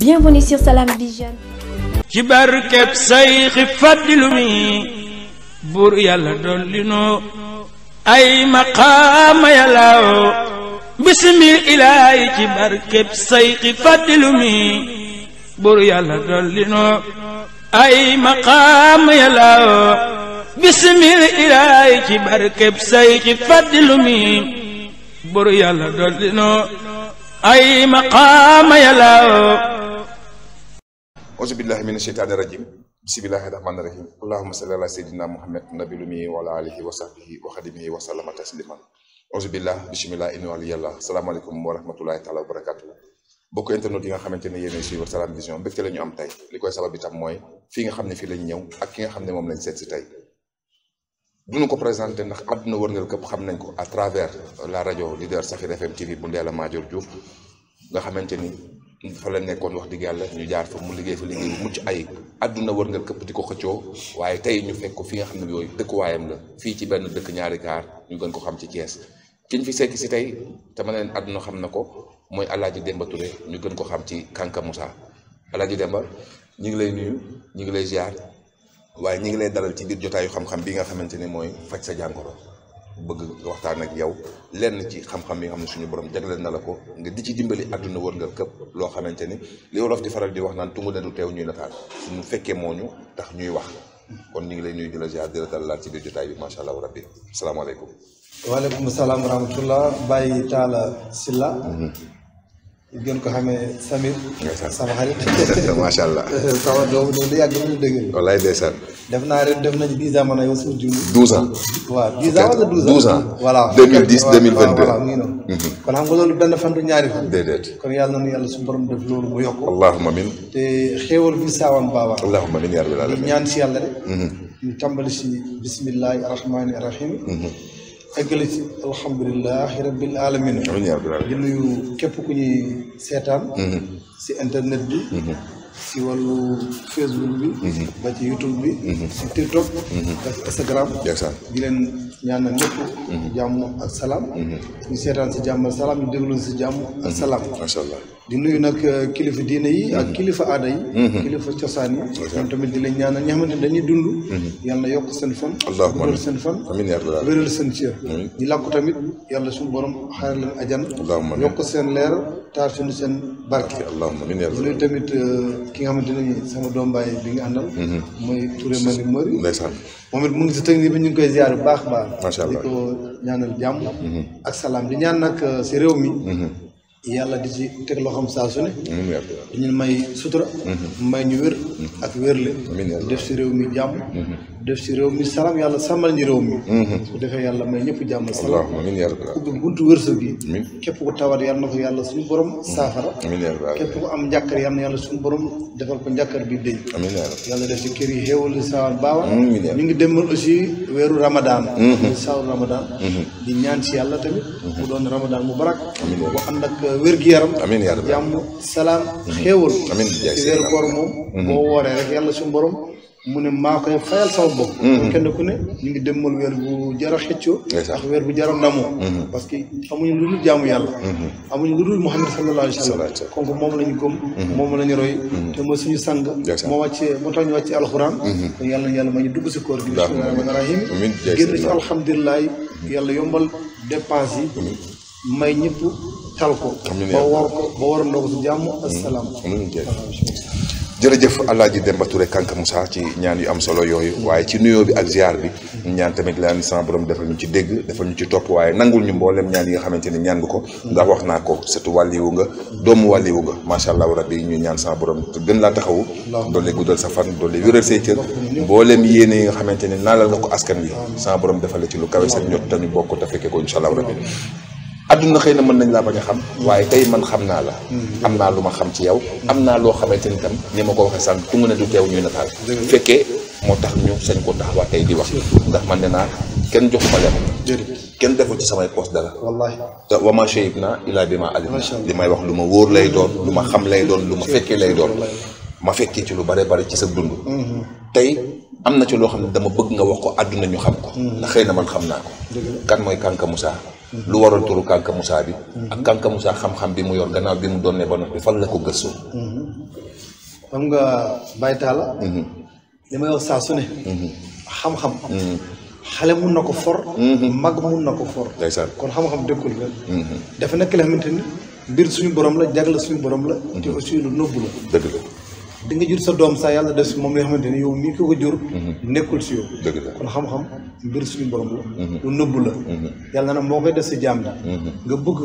Bienvenue sur Salam Vision. yàlla dolli noo ay maqaama yàllaaw bismi ilaahi ci barkeb Sayxi Fadilu mi buur yàlla dolli ay maqaama yàllaaw bismi auzu billahi mina sheytaani rajim bismillahi rahmaani rahim allahuma salli ala sayyidina muhammad nabilumi wa ala alihi wa sahbihi wa tasliman auzu bismillah inna wali yàlla salaamaaleykum wa rahmatullahi taala wa internet yi nga xamante ne yéen a suivre Salam Vision mbégte la ñu am tey li koy sabab itam mooy fii nga xam ne fii lañ ñëw ak ki nga xam ne moom lañ seet si tey duñu ko présenté ndax àdduna wërngal këpp xam nañ ko à travers la rajo leader Safir FM TV bu Ndella Madior Diouf nga xamante ni fa la nekkoon wax dëgg yàlla ñu jaar fa mu liggéey fa liggéey bu mucc ay àdduna war nga këpp di ko xëccoo waaye tey ñu fekk ko fi nga xam ne yooyu dëkkuwaayam la fii ci benn dëkk ñaari gaar ñu gën ko xam ci Thiès kiñ fi sekk si tey te ma leen xam na ko mooy Alaaji Demba ñu gën ko xam ci Kanka Moussa Alaaji Demba ñu ngi lay nuyu ñu ngi lay ziar waaye ñu ngi lay dalal ci biir jotaayu xam-xam bi nga xamante ne mooy faj sa jàngoro bëgg waxtaan ak yow lenn ci xam-xam yi xam ne suñu borom jagleel na la ko nga di ci dimbali àdduna wër nga këpp loo xamante ni li wolof di faral di wax naan tungu ne du teew ñuy nataal suñu fekkee moo ñu tax ñuy wax kon ñu ngi lay nuyu di la ziar di la ci biir jotaay bi macha allah rabbi salaamaaleykum. waaleykum salaam wa rahmatullah Baye si Sylla. Mm-hmm. gën ko xamee Samir. sama xarit. macha allah. sama doom loolu yàgg nañu dégg. wallaay ndeysaan. def naa ren def nañu di ans man yow suuf jiw. douze ans. waaw dix ans wala douze ans. douze ans voilà. deux mille dix mhm. kon xam nga loolu benn fan yàlla na nu yàlla suñu borom def loolu mu yokk. allahumma min. te xéewal bi saawan baaba. allahumma min yaa rabbil alamin. ñaan si yàlla mhm. de. ñu tàmbali si bismillahi rahmaani eggale si alhamdulilah rabbil alamin di nuyu képp ku ñuy seetaan si mm-hmm. internet bi si mm-hmm. wàllu facebook bi mm-hmm. ba ci youtube bi si tiktok ba ci instagram di leen ñaanal ñëpp jàmm ak salaam ñu seetaan si jàmm ak salaam ñu déglu si jàmm ak salaam di nuyu nag euh, kilifa diine yi ak kilifa aada yi. Mhm. kilifa cosaan yi. ñoom tamit di leen ñaanal ñi xamante ne dañuy dund. Mhm. yàlla na yokk seen fan. allahumma wéral seen fan. amiin yaa seen cër. di làkku tamit yàlla suñu borom xaar leen ajan. yokk seen leer taar suñu seen barke. allahumma amiin yaa rabbal nuyu tamit euh, ki nga xamante ne sama doom baay bi nga àndal. mooy mhm. Touré Malick Mori. ndeysaan moom it mu ngi si technique bi ñu ngi koy ziar baax a baax. macha allah di ak salaam di ñaan nag euh, si réew mi. yàlla di ci teg loxoom saa su ne. ñu may sutura. Mm-hmm. may ñu wér. Mm-hmm. ak wérle. def si réew mi jàmm. Mm-hmm. def si réew mi salaam yàlla sàmmal ñi réew mi mhm. su defee yàlla may ñëpp jàmm salaam ubbi buntu wërsëg yi képp ku tawat yàlla na ko yàlla suñu borom mhm. saafara képp ku am njàkkar yàlla yàlla suñu borom defal ko njàkkar bi dëñ yàlla def si kër yi xéewal saawaan baawa ñu ngi demal aussi weeru ramadan mhm. saaru ramadan di ñaan si yàlla tamit mu doon ramadan mu barak bu ànd ak wér-gi-yaram jàmm salaam xéewal si weeru koor moom boo wooree rek yàlla suñu borom mu ne maa koy fayal sama bopp. Mm-hmm. kenn ku ne ñu ngi demal weer bu jar a xëccoo. weer bu jar a ndamoo. Mm-hmm. parce que amuñu lu dul jaamu yàlla. Mm-hmm. amuñu lu dul Muhammad sallallahu alayhi wa sallam. kooku moom la ñu gëm. moom la ñu roy. te mooy suñu sang. moo wàccee moo tax ñu wàccee alxuraan. kon yàlla na yàlla ma ñu dugg si koor gi. bismillahi rahmani rahim génn ci alhamdulilah yàlla yombal dépense yi. may ñëpp tal ko. ba war ko ba war a ndog si jàmm asalaam. jërëjëf Alaaji Demba Touré Kanka Moussa ci ñaan yu am solo yooyu waaye ci nuyoo bi ak ziar bi ñaan tamit laan sama borom defal ñu ci dégg defal ñu ci topp waaye nangul ñu mboolem ñaan yi nga xamante ni ñaan ko ndax wax naa ko surtout wàlliwu nga doomu wàlliwu nga macha allah rabbi ñu ñaan sama borom gën laa taxawu doole guddal sa fan doole wéral say cër mboolem yéene yi nga xamante ni naalal nga ko askan wi sama borom defal la ci lu kawe sa ñot tañu bokk te fekke ko incha allah rabbi àdduna xëy na mën nañ laa bañ a xam waaye tey man xam naa la mm-hmm. am naa lu ma xam ci yow am naa loo xamante ni tam ni ma ko waxee sànq tungu ne du teew ñuy nataal fekkee moo tax ñu sañ ko waa tey di wax ndax man ne naa kenn jox joxuma lem kenn deful ci samay poste dara wallaahi te wa ma shayib naa ilaa bi ma alim li may wax lu ma wóor lay doon lu ma xam lay doon lu ma fekkee lay doon ma fekkee ci lu bare bare ci sa dund mm-hmm. tey am na ci loo xam ne dama bëgg nga wax ko àdduna ñu xam ko mm-hmm. xëy na man xam naa ko kan mooy Kanka Moussa lu waral turu Kanka Moussa bi. ak Kanka Moussa xam-xam bi mu yor gannaaw bi mu doonee ba noppi fan la ko gëstu. Mm-hmm. xam nga baytaal la. Mm-hmm. li may mm-hmm. xam xale mun na ko for. mag mun na ko for. kon xam-xam dëkkul la. dafa nekk la xamante ni mbir suñu borom la jagle suñu borom la. te aussi lu nëbbu la. la. di nga jur sa doom saa yàlla def si moom li nga xamante ni yow mii ko ko jur mhm. nekkul si yow kon xam-xam mbir suñu borom la mhm. lu nëbb la mhm. yàlla na moo koy def si jaam bi nga bëgg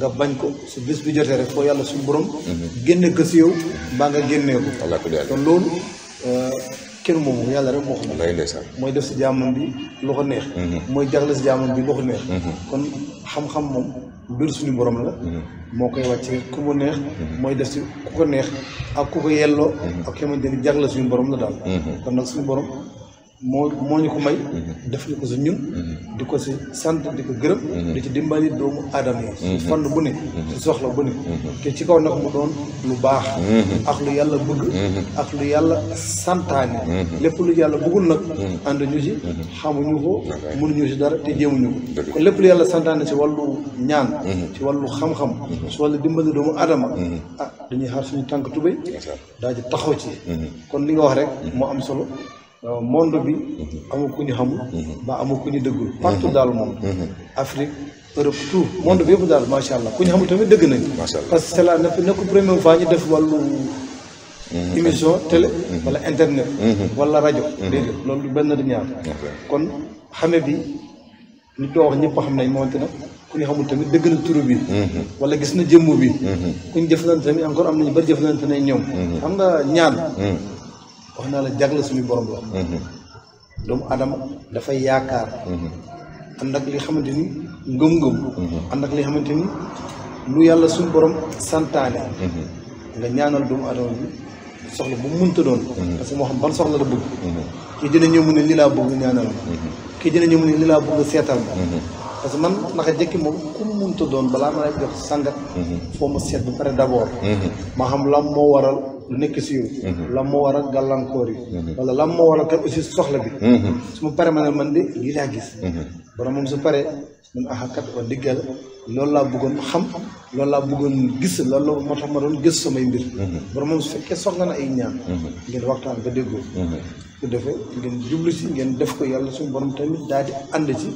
nga bañ ko su bis bi jotee rek foo yàlla suñu borom génne ko si yow mbaa nga génnee ko kon loolu euh, kenn moomu yàlla rek moo xam ne mooy def si jaamam bi lu ko neex mooy jagle si jaamam bi lu ko neex kon xam-xam moom mbir suñu boroom la. Mm-hmm. moo koy wàcc ku mu neex. Mm-hmm. mooy def si ku ko neex ak ku ko yelloo. Mm-hmm. ak xamante ni jagle suñu borom la daal. kon nag suñu borom. moo moo ñu ko may. Mm-hmm. def ñu ko si ñun. Mm-hmm. di ko si sant di ko gërëm. Mm-hmm. di ci dimbali doomu aadama yi. fànn bu ne. ci soxla bu ne. te ci kaw nag mu doon lu baax. ak lu yàlla bëgg. ak lu yàlla santaane. lépp lu yàlla bëggul nag. ànd ñu si xamuñu ko. mënuñu si dara te jéemuñu ko. lépp lu yàlla santaane si wàllu ñaan. ci wàllu xam-xam. si wàllu dimbali doomu aadama. ah dañuy xaar suñu tànk tubéy. daal di taxaw ci. kon li nga wax rek moo am solo. Euh, monde bi amul ku ñu xamul ba amul ku ñu dëggul partout daal moom mm-hmm. mm-hmm. Afrique Europe tout monde bi yëpp daal macha allah ku ñu xamul tamit dëgg nañu parce que c'est la nekk première fois ñu def wàllu mm-hmm. wala internet wala rajo déedéet loolu benn du ñaar kon xame bi ñu too wax ñëpp xam nañ moonte nag ku ñu xamul tamit dëgg na turu bi wala gis na jëmm bi ku ñu def jëflante tamit encore am nañu bari jëflante nañ ñoom xam nga ñaan wax naa la jagle suñu borom la mhm. doomu adama dafay yaakaar mhm. ànd ak li xamante ni ngëm-ngëm mhm. ànd ak li xamante ni lu yàlla suñu borom santaane nga ñaanal doomu adama bi soxla bu munta doon parce que moo xam ban soxla la bëgg kii dina ñëw mu ne li laa ma kii dina ñëw mu ne li seetal parce que man naka jëkki moom ku munta doon balaa ma lay jox sangat foo ma seet ba pare d'abord ma xam lan moo waral lu nekk si yow. Mhm. lan moo waral gàllankoor yi. Mhm. wala lan moo waral tam aussi soxla bi. Mhm. su ma paree ma ne man de lii laa gis. borom moom su paree man ah kat wax dëgg loolu laa bëggoon xam loolu laa bëggoon gis loolu moo tax ma doon gis samay mbir. borom moom su fekkee soxla na ay ñaan. ngeen waxtaan ba déggoo. su defee ngeen jublu si ngeen def ko yàlla suñu borom tamit daal di ànd ci.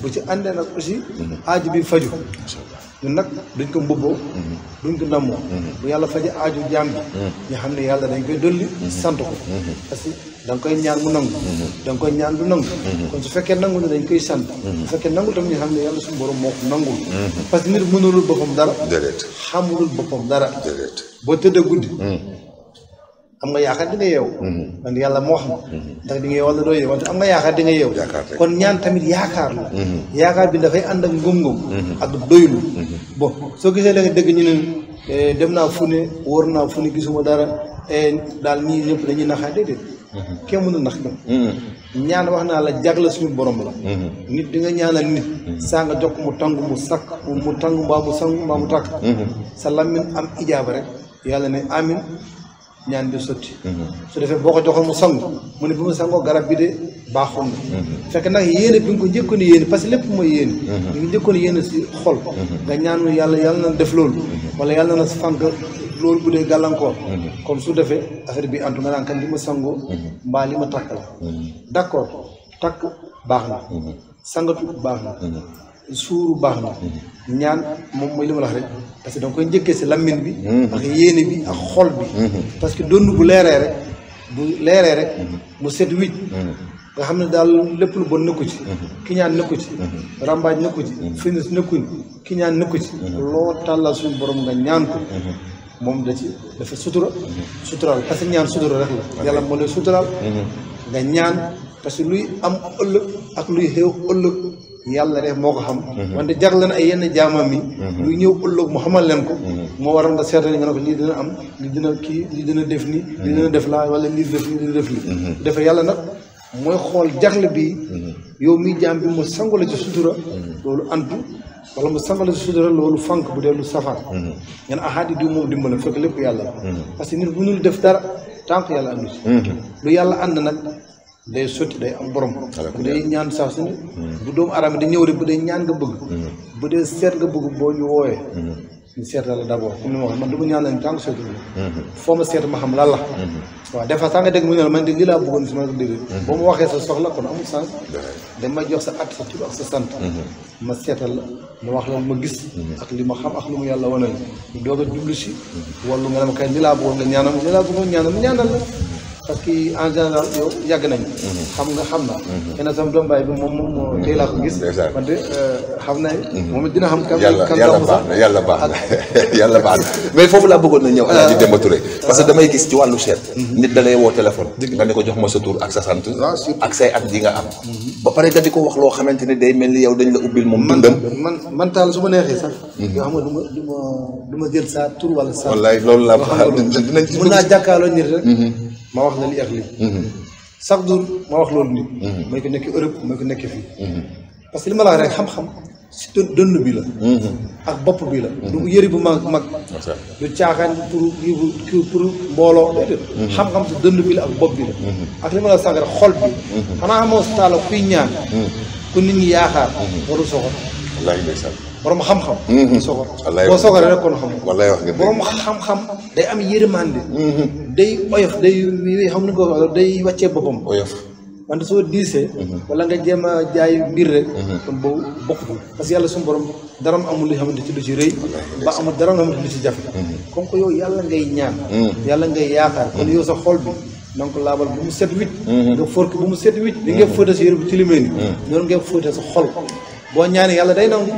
bu ci àndee nag aussi. aaj bi faju ñun nag duñ ko mbubboo mm-hmm. duñ ko ndammoo mm-hmm. bu yàlla faje aaju jaam bi mm-hmm. ñu xam ne yàlla dañ koy dolli sant ko parce que da koy ñaan mu nangu da koy ñaan du nangu kon su fekkee nangu ne dañ koy sant su fekkee nangu tam ñu xam ne yàlla suñu borom moo ko nangul parce que nit mënulul boppam dara xamulul boppam dara boo tëddee guddi am nga yaakaar di nga yeew mm-hmm. man yàlla moo wax ma mm-hmm. ndax di nga yeew wala doo yeew wante am nga yaakaar di nga kon ñaan tamit yaakaar la mm-hmm. yaakaar bi dafay ànd ak ngëm-ngëm ak doylu bon soo gisee da dëgg ñu ne eh, dem naa fu ne wóor naa fu ne gisuma dara eh, daal ñii ñëpp dañuy naxaa déedéet kenn mënul nax dem ñaan wax naa la jagle suñu borom la nit di nga ñaanal nit saa nga jox mu tàng mu sakk mu tàng mbaa mu sang mbaa mu takk sa lammin am ijaaba rek yàlla ne amin ñaan bi sotti mhm. su defee boo ko joxoon mu sangu mu ne bi mu sangoo garab bi de baaxoon na mhm. fekk nag yéene bi nga ko njëkkoon yéene parce que lépp mooy yéene mhm. bi nga njëkkoon yéene si xol nga ñaanu yàlla yàlla na def loolu wala yàlla na fànk loolu bu dee gàllankoor kon su defee affaire bi antu nga naan kan li ma sangoo mbaa li ma takk la d'accord takk baax na sangatu baax na suuru baax na ñaan moom mooy li ma la rek parce que da nga koy njëkkee si lammin bi mhm. ak yéene bi ak xol bi mhm. parce que donn bu leeree rek bu leeree rek mhm. mu set wicc nga xam ne daal lépp lu bon nekku ci ki ñaan nekku ci rambaaj nekku ci finis ki ñaan nekku ci loo tàllal suñu borom nga ñaan ko moom da ci dafa sutura suturaal parce ñaan sutura rek la yàlla moo lay suturaal nga ñaan parce que luy am ëllëg ak luy xew ëllëg yàlla def moo ko xam mhm. wante jar leen ay yenn jaamam yi lu mhm. ñëw ëllëg mu xamal leen ko mhm. moo waral nga seetal nga ne ko lii dina am lii dina kii lii dina def nii lii dina def laa wala lii def lii dina def yàlla nag mooy xool jagle bi yow miy jaam bi mu sangu la ci sutura loolu antu wala mu sangu la ci sutura loolu fànk bu dee lu safar ngeen ahaadi diw moom dimbale fekk lépp yàlla la parce que nit bu ñu def dara tànk yàlla andu si lu yàlla ànd nag day sotti day am borom. day ñaan saa su ne. Hmm. bu doomu aadama di ñëw rek bu dee ñaan nga bëgg. Hmm. bu dee seet nga bëgg boo ñu wooyee. Hmm. ñu seet la d' abord man du ma ñaan leen tànk seetu foo ma seet ma xam lan la. waaw des fois sax nga dégg mu laa bëggoon si ma dégg. boo ma waxee sa soxla kon amul sens. dama jox sa at sa tur ak sa sant. ma seetal la ma wax la ma gis. ak li ma xam ak lu mu yàlla wane ñu doog a jublu si. wala lu nga dem kay li laa bëggoon nga ñaanal li laa bëggoon ñaanal ñaanal la. parce que en yàgg nañu. Mhm. xam nga xam naa. Mhm. xëy sama doom baay moom moom mhm. tey laa ko gis. man de euh, xam naa moom dina xam. kan yàlla yàlla baax na yàlla baax na yàlla baax mais foofu laa bëggoon na ñëw Alaaji euh, Demba Touré. Euh, parce que damay gis ci wàllu seet. nit da lay woo téléphone. nga ne ko jox ma sa tur ak sa sant. ak say at ji nga am. ba pare da di ko wax loo xamante ne day mel ni yow dañ la ubbil moom. dundam man man taal su ma neexee sax. yoo xam nga ma ma ma jël sa tur wala sa. wallaay loolu laa dinañ ci mën naa jàkkaarloo nit rek ma wax la li ak lii. chaque jour ma wax loolu nit. Mhm. mooy ko nekk Europe mooy ko nekk fii. Mhm. parce que li ma la wax xam-xam si dënn bi la. ak bopp bi la. du bu mag mag. du caaxaan pour pour mbooloo déedéet. xam bi la ak bopp bi la. ak li ma la sànq rek xol bi. Mhm. xanaa amoo si taala kuy ñaan. ku nit ñi yaakaar. warul soxor. xam-xam. soxor boo soxoree rek kon xam. wallaahi wax nga borom xam-xam. day am yërmande. day oyof day yooyu xam nu ko wax day wàccee boppam oyof wante soo diisee mhm. wala nga jéem jaay mbir rek mhm. kon boobu bokk parce que yàlla borom dara mu amul li xamante ci lu ci rëy ba amul dara mu xamante lu ci jafe kon mhm. ko yàlla ngay ñaan yàlla ngay yaakaar kon yow sa xol bi donc laabal bu mu set wit nga fork bu mu set wit li nga fóote sa yére bu tilimee ni noonu nga fóote sa xol boo ñaanee yàlla day nangu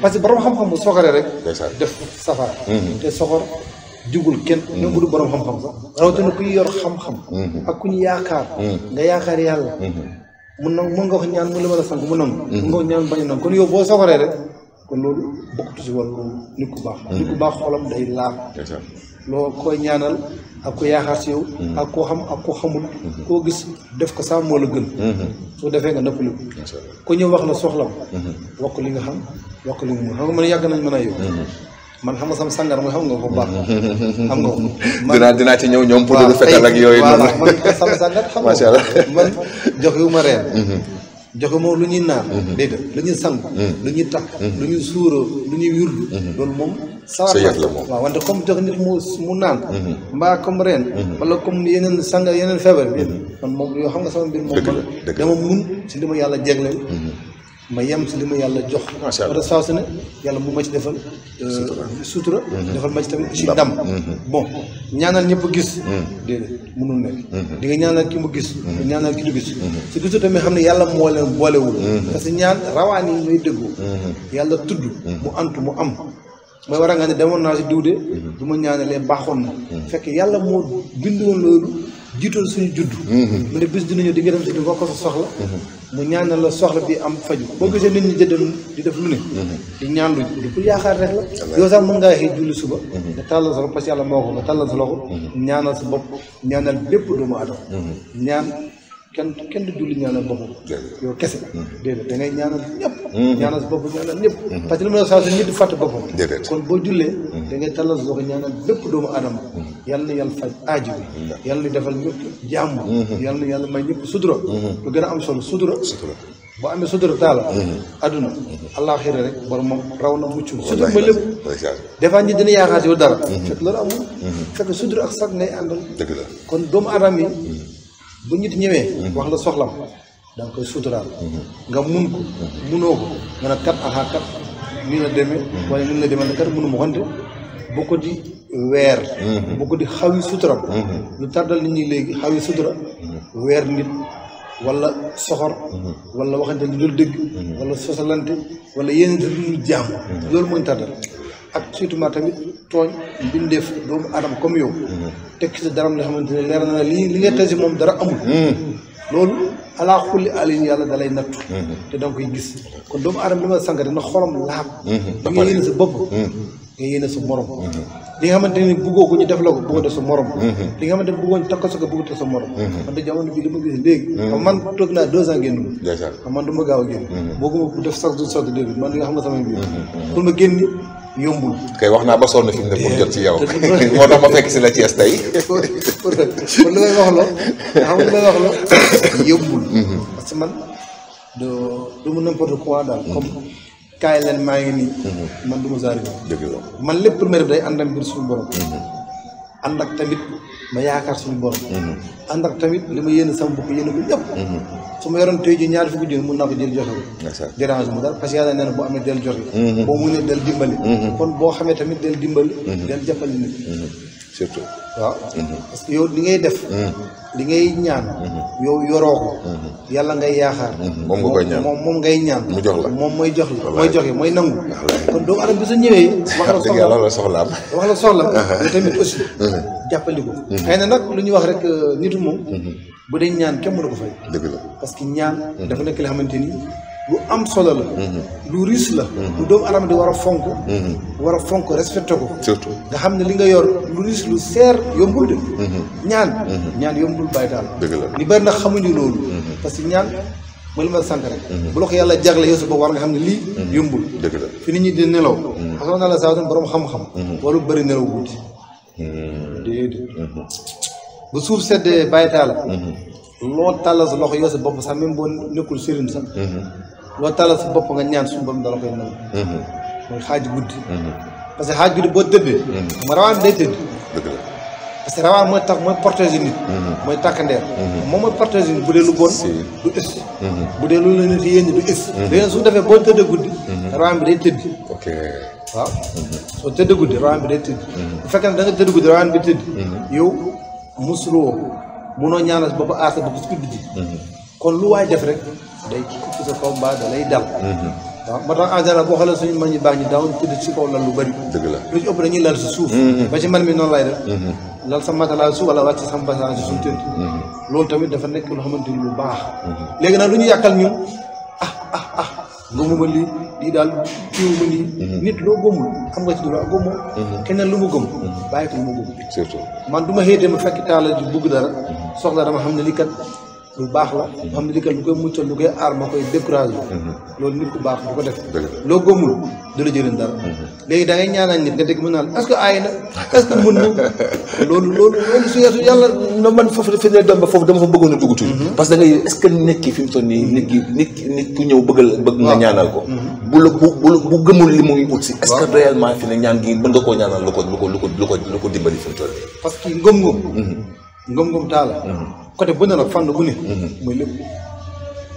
parce que borom xam-xam bu sokoree rek def safara te soxor jugul kenn nangu mm. du borom xam-xam sax rawatina ku yor xam-xam mm-hmm. ak ku ñu yaakaar mm-hmm. nga yaakaar yàlla mm-hmm. mun na mun nga wax ñaan mu la mën a sant mu nangu mun nga wax bañ a nangu boo soxoree rek kon loolu bokkatu si wàllu nit ku baax nit ku baax xolam day laab loolu koy ñaanal ak ku yaakaar si yow ak koo xam ak koo xamul koo gis def ko saa moo la gën soo defee nga noppaliku ko ñëw wax la soxlam wax li nga xam wax ko li nga xam nga man yàgg nañ mën a yow man xam nga sama sangar mooy xam nga ko bu baax. xam nga ko man dinaa dinaa ci ñëw ñoom. poudre fetal ak yooyu noonu man sama sangar xam nga ko man mhm. ñuy naan. Mhm. dégg nga lu ñuy sangu. Mhm. lu ñuy takk. lu ñuy suuroo lu ñuy wirdu. loolu moom. sa yëf la moom waaw wante comme jox nit mu mu naan. mbaa comme ren. wala comme yeneen sangar yeneen feebar bi. man moom yoo xam nga sama mbir moom. dëgg dama mun si li yàlla jégleel. ma yam si li ma yàlla jox. macha allah saa su ne yàlla mu ma ci defal. Euh, sutura mhm. defal ma ci tamit ci ndam. Mhm. bon ñaanal ñëpp gis. Mhm. déedéet mënul nekk. di nga ñaanal ki mu gis. ñaanal ki du gis. su gisul tamit xam ne yàlla moo leen boolewul. parce que ñaan rawaan yi ñooy dëggoo. yàlla tudd. mu antu mu am. mooy war a nga ne demoon naa si diw de. ma ñaanalee baaxoon na. fekk yàlla moo bindoon loolu. jiital suñu judd mm-hmm. mu ne bis dinañu di nga dem si di wax sa soxla mm-hmm. mu ñaanal la soxla bi am faju boo gisee nit ñi jëddam di def lu ne mm-hmm. di ñaan lu di pour yaakaar rek la yow sax mën ngaa xëy julli suba nga tàllal sa loxo parce que moo ko nga tàllal sa loxo ñaanal sa bopp ñaanal lépp doomu adama ñaan kenn kenn du julli ñaanal boppam. yow kese. Mm-hmm. déedéet ngay ñaanal ñëpp. Mm-hmm. ñaanal boppam ñaanal ñëpp. Mm-hmm. parce que li ma la saa kon boo jullee. dangay ngay tallal loxo ñaanal bépp doomu aadama. yal na yàlla faj aaju bi. yal na defal ñëpp jàmm. yal na may ñëpp sutura. lu gën a am solo sutura. boo amee sutura taala. adduna. àllaaxira rek borom moom raw na mucc. sutura mooy lépp. des fois ñi dina yaakaar yow dara. fekk loolu amul. fekk sutura ak sax ngay àndal. kon doomu aadama yi. bu nit ñëwee. Mhm. wax la soxlam da nga koy suturaal. Mhm. nga mun ko munoo ko nga ne kat aha kat nii la demee. Mhm. wala nii la demee ne kat munuma xonte bu ko di weer. bu ko di xawi sutura. lu tardal nit ñi léegi xawi sutura. weer nit wala soxor. wala waxante lu dul dëgg. wala sosalante wala yeneen lu dul jàmm. loolu mooy tardal. ak surtout ma tamit tooñ bindeef doomu aadama comme yow mhm. tekki sa daram nga xamante ne leer na na li li nga tasi moom dara amul mhm. loolu alaa xulli alin yàlla dalay nattu mhm. te danga koy gis kon doomu aadama li ma sànq dina xorom laab li nga yéene sa bopp nga yéene sa morom li nga ko ñu def la ko bëggoo def morom li nga xamante ne bëggoo ñu takk sa ko bëgg def sa morom man da jamono bi li ma gis léegi xam man toog naa deux ans génn man du ma gaaw a génn booguma def sax du sotti dé man li xam nga sama biir pour ma génn yombul. kay wax naa ba sonn fi mu ne pour jot ci yow. moo tax fekk si la Thiès tey. kon li ngay wax loo xam nga li wax loo yombul. Mhm. parce que man du du mu n'importe quoi daal. Mhm. comme kaay leen maa ngi nii. Mhm. man du ma zaari. man lépp lu may def day àndam biir suñu borom. ànd ak tamit. ma yaakaar suñu borom. Mhm. ànd ak tamit li ma yéene sama bopp yéene ko ñëpp. Mhm. su ma yoroon tey jii ñaari fukki junni mun naa ko jël joxe ko. incha allah dérange mu dara parce boo amee del joxe. Mhm. boo munee del dimbali. kon boo xamee tamit del dimbali. del jàppale nit. surtout waaw mm-hmm. parce que yow li ngay def mm-hmm. li ngay ñaan mm-hmm. yow yoroo ko yàlla ngay yaakaar moom nga koy ñaan moom moom ngay ñaan mu jox la moom mooy jox la mooy joxe mooy nangu kon doomu aadama bi su ñëwee wax la soxlaam wax la soxlaam uh-huh. yow tamit aussi jàppali ko xëy na nag lu ñuy wax rek euh, nitu moom bu dee ñaan kenn mënu ko fay parce que ñaan dafa nekk li xamante ni lu am solo la. Mhm. lu riis la. Mhm. lu doomu aadama di war a fonk. Mhm. war fonk respecté ko. surtout nga xam ne li nga yor lu riis lu seer yombul de. ñaan. ñaan yombul bàyyi daal. dëgg la ñu bari nag xamuñu loolu. parce que ñaan ma li ma sant rek. bu la ko yàlla jagle yow sa bopp war nga xam ne lii. yombul dëgg la fi nit ñi di nelaw. xam naa la saa borom xam-xam. waru bëri nelaw guddi. déedéet. bu suuf seddee bàyyi taala loo tàllal sa loxo yow sa bopp sax même boo nekkul sëriñ sax mm-hmm. loo tàllal sa bopp nga ñaan suñu borom dala koy nangu mm-hmm. mooy mm-hmm. parce que xaaj guddi boo tëbbee ma rawaan day tëdd dëgg la parce que rawaan mooy tax moom mooy bu dee lu bu dee lu la su defee boo tëddee guddi rawaan soo tëddee guddi rawaan bi bu fekkee da nga tëdd guddi rawaan bi tëdd yow musuloo munoo ñaanal si boppam aar sa bopp si kudd ji kon lu waay def rek day kukk sa kaw mbaa da lay dal mhm. waaw moo tax en boo xoolee suñu mag ñi baax ñi daawuñ si kaw lal lu la ëpp dañuy lal si suuf mhm. ba ci man mi noonu lay def mhm. lal sa matala suuf wala wàcc sama basan si suñu tënt loolu tamit dafa nekk loo xamante ni lu baax léegi nag lu ñu yàqal ñun ah ah ah gëmuma lii lii daal kiiwuma lii nit loo gëmul am nga ci dara gëmmoo keneen lu mu gëm bàyyi ko lu mu gëm surtout man du ma xëy ma fekk taala ji bugg dara soxla dama xam ne lii kat lu baax la xam ne lii kat lu koy muccal lu koy aar ma koy découragé mhm. loolu nit ku baax du ko def loo gëmul du la jëriñ dara mhm. léegi da ngay na est que mën na loolu a dugg tuuti mhm. parce que da ngay est-ce que nit ki mu ki nit nit ku ñëw bëggal bëgg ko bu la bu li muy ut si est-ce que réellement fi ne ñaan gi mën nga koo ñaanal lu ko lu ko lu ko lu ko dimbali fi toll parce que ngëm-ngëm ngëm-ngëm taal. Mhm. côté bu ne nag fànn bu ne. muy mhm. lépp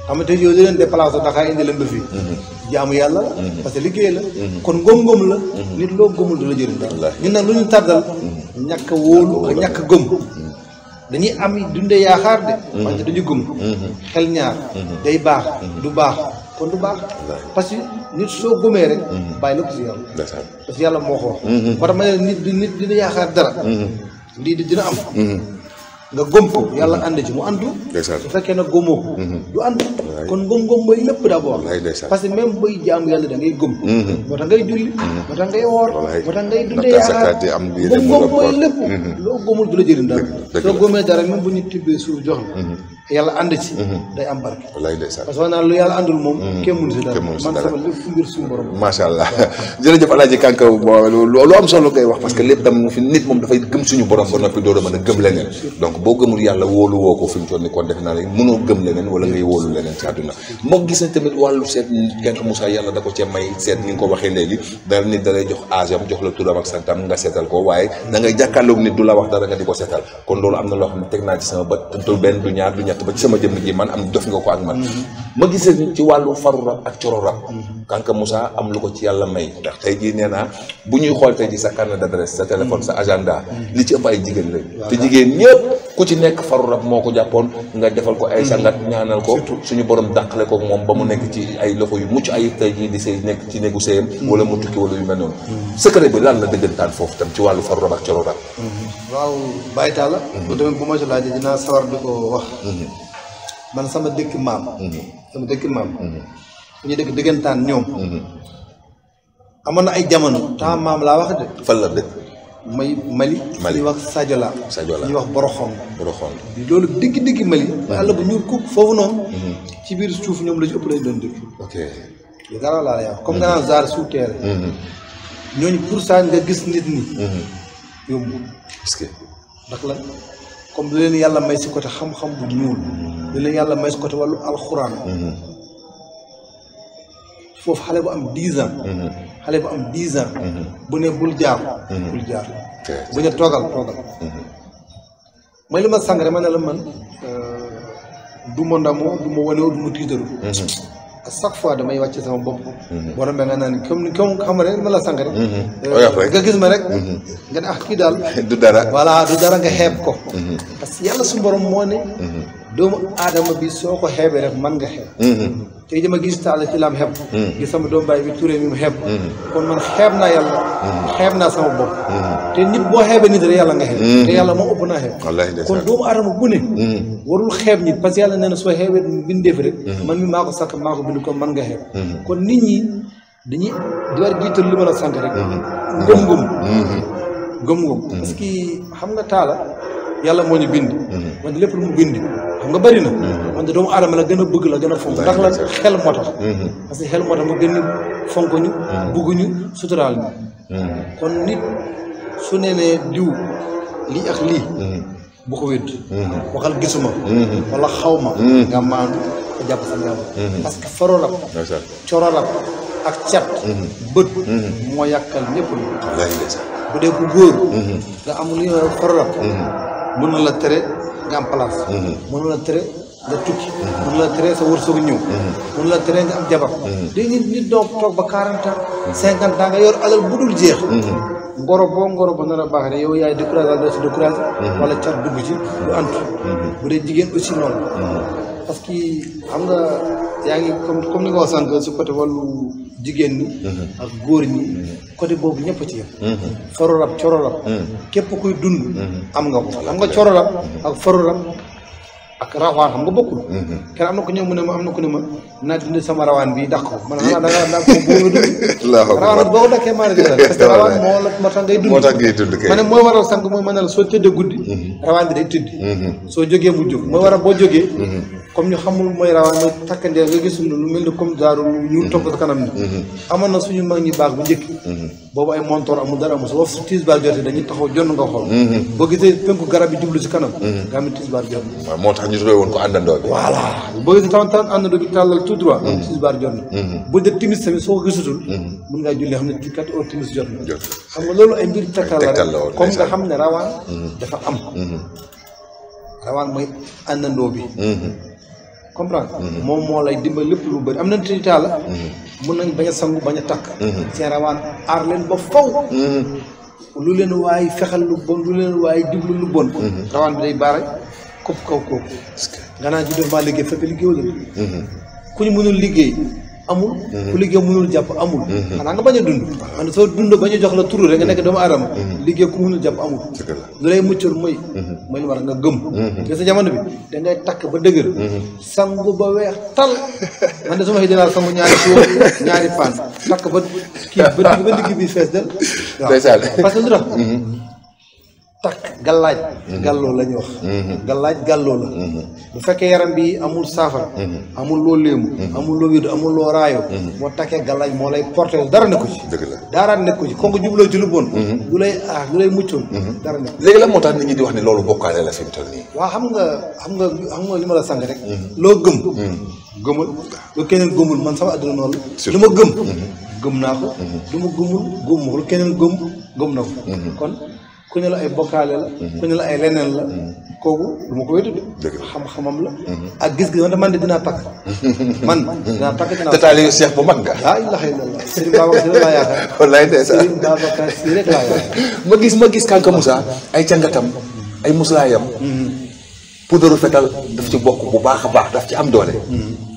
xam nga tey yooyu leen déplacé Dakar indi leen ba fii. Mhm. jaamu yàlla parce que liggéey la. kon ngëm-ngëm la. nit loo gëmul du la jëriñ daal. lu ñu tardal. ñàkk a wóolu ak ñàkk gëm. dañuy am dundee yaakaar de. wante dañu gëm. xel ñaar. day baax du baax kon du baax. parce que nit soo gëmee rek. bàyyi lépp si yàlla. parce que yàlla moo ko wax. war ma ne nit nit yaakaar dara. di dina am. nga gëm ko yàlla ànd ci mu ànd bu fekkee na gëmoo ko mhm. du antu kon ngëm-ngëm mooy lépp d'abord parce que même bay jaamu yàlla da ngay gëm mhm. moo tax ngay julli mhm. moo tax ngay woor moo lépp loo gëmul du la jëriñ dara bu ñu tibbee jox la yàlla ci day am barke parce que wax naa lu yàlla àndul moom wax parce que lépp tam fi nit moom dafay gëm suñu borom ba noppi doo mën a gëm leneen donc boo gëmul yàlla wóolu woo ko fi mu toll nii kon def naa ne mënoo gëm leneen wala ngay wóolu leneen ci àdduna moo gis na tamit wàllu seet kenn Moussa yàlla da ko cee may seet ni nga ko waxee léegi dara nit dalay jox âge am jox la turam ak santam nga seetal ko waaye da ngay jàkkaarloog nit du la wax dara nga di ko seetal kon loolu am na loo xam ne teg naa ci sama bët du benn du ñaar du ñett ba ci sama jëmm ji man am dof nga ko ak man ma gis ci wàllu faru rab ak coro rab kanka Moussa am lu ko ci yàlla may ndax tey jii nee naa bu ñuy xool tey ji sa carnet d'adresse sa téléphone sa agenda li ci ëpp ay jigéen lañ ku ci nekk faru rab moo ko jàppoon nga defal ko ay sangat mm-hmm. ñaanal ko suñu borom dàqale ko moom ba mu nekk ci ay loxo yu mucc ay tey jii di sëy nekk ci néegu sëyam mm-hmm. wala mu tukki wala yu mel noonu mm-hmm. secret bi lan la dëggantaan foofu tam ci wàllu faru rab ak coro rab waaw bàyyi taala bu demee ko ma ci laajee dinaa sawar di ko wax man sama dëkk maam sama dëkk maam ñu dëkk dëggantaan ñoom amoon na ay jamono temps maam laa wax de fan la dëkk may Mali. Mali ñuy wax Sadio La. Sadio La ñuy wax Boroxon. Boroxon loolu digg digg Mali. àll bu ñuul kuk foofu noonu. Mhm. ci biir suuf ñoom la ci ëpp lañ doon dëkk. ok li laa lay comme nga mhm. naan zaar suuf mhm. pour ça nga gis nit que. ndax la comme lu leen yàlla may si côté xam-xam bu ñuul. lu yàlla may si côté wàllu alxuraan. foofu xale bu am dix ans. xale bu am dix ans. Mm-hmm. bu ne bul jaar. Mm-hmm. bul jaar bu ne toogal toogal. Mm-hmm. mooy lu ma sàng rek ma ne la man euh, du ma ndamoo du ma wanewu du ma tiitaru. à chaque fois damay wàcc sama bopp. war a mel nga naan comme comme xam rek ma la sàng rek. rek euh, nga gis ma rek. nga ne ah kii daal. du dara voilà du dara nga xeeb ko. parce yàlla su moo ne. doomu aadama bi soo ko xeebee rek man nga xeeb mm-hmm. tey dama gis taal ci lam xeeb mm-hmm. gis sama doom baay bi turé mi mu xeeb mm-hmm. kon man xeeb naa yàlla xeeb naa sama bopp te nit boo xeebee nit yàlla nga xeeb yàlla moo ëpp naa kon doomu aadama bu ne warul nit parce que yàlla nee soo xeebee bindeef rek man mi maa ko sakk maa ko bind kon man nga xeeb kon nit ñi dañuy di war jiital li ma la sant rek ngëm-ngëm ngëm-ngëm parce xam nga taala yàlla moo ñu bind mhm. man lépp lu mu bind xam nga bëri na mhm. man de doomu aadama la gën a bëgg la gën a fonk ndax la xel moo tax mhm. parce que xel moo tax mu gën ñu fonk ñu bugg ñu suturaal ñu kon nit su nee nee diw lii ak lii bu ko wédd waxal gisuma wala xawma nga maandu ko jàpp sa ngam parce farolab corolab ak cat bët moo yàkkal ñëpp li bu dee bu góor nga am lu ñuy farolab mën na la tere nga am place. Mhm. mën na la tere nga tukki. Mhm. mën na la tere sa wërsëgu ñëw. Mhm. mën na la tere nga am jabar. léegi nit doo toog ba quarante ans nga yor alal bu dul jeex. ngoro boo ngoro ba baax rek yow yaay découragé wala doo si découragé. wala cat dugg ci du antu. bu dee jigéen aussi noonu. parce que am nga yaa ngi comme comme ni nga wax sànq su côté wàllu jigéen ñi. Mm-hmm. ak góor ñi. Mm-hmm. côté boobu ñëpp a ci yem. Mm-hmm. farorab cororab. képp kuy dund. am nga ko xam nga cororab ak farorab ak rawaan xam nga bokkul. kenn na ko ñëw mu ne ma am na ko ne ma naa boo ko dàqee maa ngi dund parce que rawaan moo la ne mooy la soo tëddee guddi. rawaan bi day tëdd. soo jógee mu jóg mooy waral boo jógee. comme ñu xamul mooy rawaan mooy takkandeer nga gisul lu mel ni comme daaru ñu topp sa kanam ni mhm. amoon na suñu mag ñi baax bu njëkk mhm. boobu ay montor amul dara amul sa wax su tisbaar jotee dañuy taxaw jonn nga xool mhm. boo gisee si kanam nga xam moo tax ñu tuddee woon ko àndandoo bi na bu dee timis tamit soo ko gisutul mën ngaa julli xam ne ci quatre heures timis jot na xam ay mbir tegtal la rek comme nga xam ne rawaan dafa am rawaan mooy àndandoo bi comprendre mm-hmm. moom moo lay dimbali lépp lu bëri am na ti taala mm-hmm. mun nañ bañ a sangu bañ a takk mm-hmm. seen rawaan aar leen ba faw lu leen waay fexal lu bon lu leen waay diblu lu bon rawaan bi day baare kopp kaw kooku nga naan ji def maa liggéey fekk liggéey wala ku ñu mënul liggéey amul mhm. ku liggéey mënul jàpp amul mhm. xanaa nga bañ a dund man soo dund bañ a jox la turu rek nga nekk doomu aadama mhm. liggéey ku mënul jàpp amul lu lay muccal mooy mooy lu war nga gëm te sa jamono bi da ngay takk ba dëgër sangu ba weex tal man de su ma xëy dinaa sangu ñaari tuwo ñaari paan takk ba kii ba digg bi fees del waaw parce lu tax takk gàllaaj gàlloo la ñu wax mm-hmm. gàllaaj gàlloo la mm-hmm. bu fekkee yaram bi amul saafara mm-hmm. amul loo léemu amul loo wédu amul loo raayoo takkee gàllaaj moo lay porté dara nekku ci dëgg la dara nekku ko jubloo ci lu bon lu lay aar ah, lu lay dara léegi la moo tax nit ñi di wax ne loolu bokkaale la fi te toll nii waaw xam nga xam nga xam nga li ma la sànq rek loo gëm gëmul lu keneen gëmul man sama àdduna noonu la lu ma gëm gëm naa ko lu ma gëmul gëmuma lu keneen gëm gëm na ko kon ku ne la ay bokkaale la. Mhm. ku ne ay leneen la. Mhm. kooku ko wétu de. la. Mhm. ak gis-gis man de man de dinaa takk. man dinaa takk dinaa. tataali cheikh bu mag nga. ah ilaha illallah Serigne Babacar si ma gis ma gis Kanka ay cangatam ay muslaayam. poudre fetal daf ci bokk bu baax a baax daf ci am doole.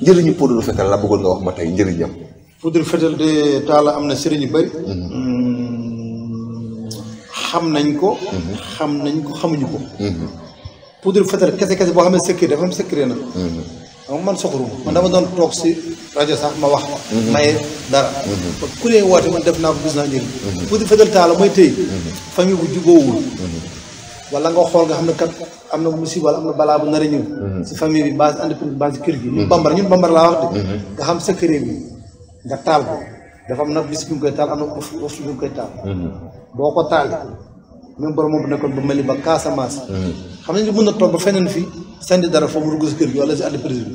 njëriñu poudre fetal la bëggoon nga wax ma tey njëriñam. poudre fetal de taala am na sëriñ yu xam nañ ko. Mhm. xam nañ ko xamuñu ko. Mhm. poudre fetal kese kese boo xam ne secret dafa am secret na. Mhm. xam man soxru man dama doon toog si rajo sax ma wax. maye dara. kon ku lee woote man def naa ko gis naa njëriñ. poudre taala mooy tey. famille bu jubóowul. wala xool nga xam ne kat am na musiba wala balaa bu nar a si famille bi base gi. ñun bambara ñun bambara laa wax de. nga xam secret bi taal ko. dafa am nag bis bi nga koy taal am na of of bi nga koy taal. boo ko taal même borom moom nekkoon ba Mali ba Casamance. xam nañ ne mën na toog ba feneen fii sandi dara foofu mu dugg si kër gi wala si entreprise bi.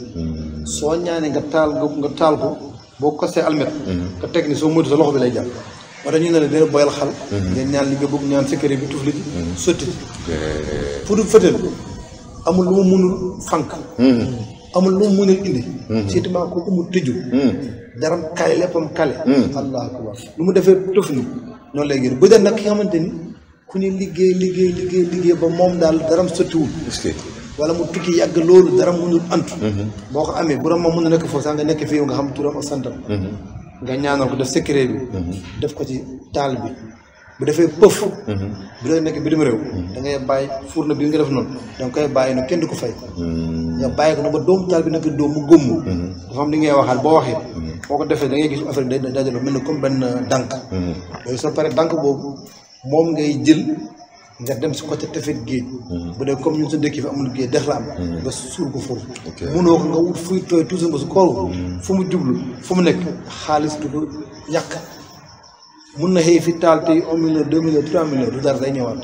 soo ñaanee nga taal nga taal ko boo kosee almet nga teg ni soo bi lay jàpp. wala ñu ne la dina boyal xal. ngeen ñaan li nga bëgg ñaan sa kër bi tuuf li ci. sotti pour fëteel amul lu mu mënul fànk. amul lu mu mënul mu tëju. defee tëf noonu lay génn bu dee nag ki xamante ni ku ne liggéey liggéey liggéey liggéey ba moom daal daram sottiwul wala mu tukki yàgg loolu dara mënul ant mhm. boo ko amee bu ma mën na nekk foofu sax nga nekk fii nga xam turam ak santam mhm. nga ko def secret bi mhm. def ko ci taal bi bu defee pëf bu dee nekk bitim réew da ngay bàyyi fourne bi nga def noonu da koy bàyyi noonu kenn du ko fay nga bàyyi ko nag ba doomu taal bi nekk doomu gómm dafa am ni ngay waxaat boo waxee foo ko defee da ngay gis affaire bi day dajaloo mel ni comme benn dànk. Hmm. yooyu soo paree dànk boobu moom ngay jël nga dem si côté tefet géej. Hmm. bu dee comme ñun sa dëkk fi amul géej dex la am. Hmm. nga suul ko foofu. munoo ko nga fu mu jublu fu mu nekk xaalis du ko yàq. mun na xëy fi taal tey un million deux millions trois millions du dara day ñëwaat.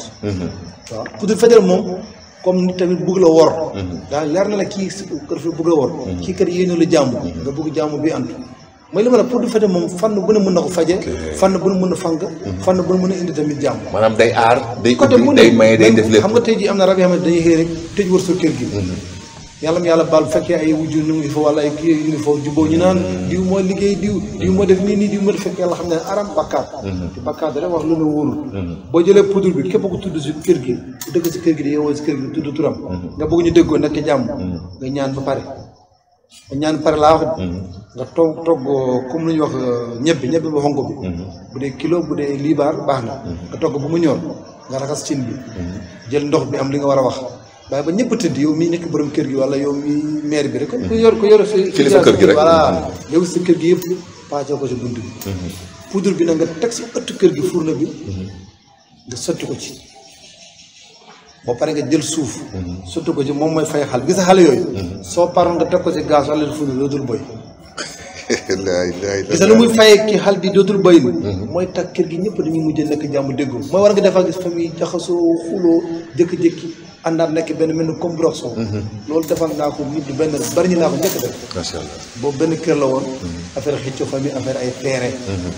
waaw poudre fajar moom comme ni tamit bëgg la wor. daal leer na la kii kër fi bëgg a wor. kii kër yéen la jàmm. nga bëgg jàmm bi ànd. mooy li ma pour du fete moom fan bu ne mën na ko faje fànn bu ne mën na fànk fànn bu ne mën a indi tamit jàmm maanaam day aar day ubbi day maye def lépp xam nga tey jii am na rab yoo xam ne dañuy xëy rek tëj wërsëg kër gi mhm. yàlla mu mhm. liggéey mhm. diw moo def nii nii diw moo def fekk yàlla xam ne aram bakkaat te bakkaat rek wax lu la wóorul boo jëlee poudre bi képp ko tudd si kër gi bu dëkk si kër gi di yeewoo si kër gi tudd turam nga bëgg ñu déggoo nekk jàmm nga ñaan ba pare nga ñaan pare laa wax nga togg togg comme lu ñuy wax ñebbi euh, ñebbi bu xonk bi mhm. bu dee kilo bu dee liibaar baax na mhm. nga togg bu mu ñor nga raxas cin bi mhm. jël ndox bi am li nga war a wax waaye ba ñëpp tëdd yow mii nekk borom kër gi wala yow mi maire bi rek comme ku yor ku yor kilifa kër gi rek voilà yow si kër gi yëpp paacoo ko si bunt bi poudre bi nag nga teg si ëtt kër gi fourneau bi nga sotti ko ci boo paree nga jël suuf sotti ko ci moom mooy fay xal gisa xale yooyu soo paroon nga teg ko si gaz wala fourneau loolu dul boy gis lu muy fayee ci xal bi dootul bay mooy tax kër gi ñëpp dañuy mujj nekk jàmm déggu mooy war nga defaa gis famille jaxasoo xuloo jëkki-jëkki àndaat nekk benn mel ni comme broxon mhm. loolu defal naa ko nit benn bari ñu naa ko njëkk def macha allah benn kër la woon mhm. affaire xëccoo famille affaire ay terrain mhm.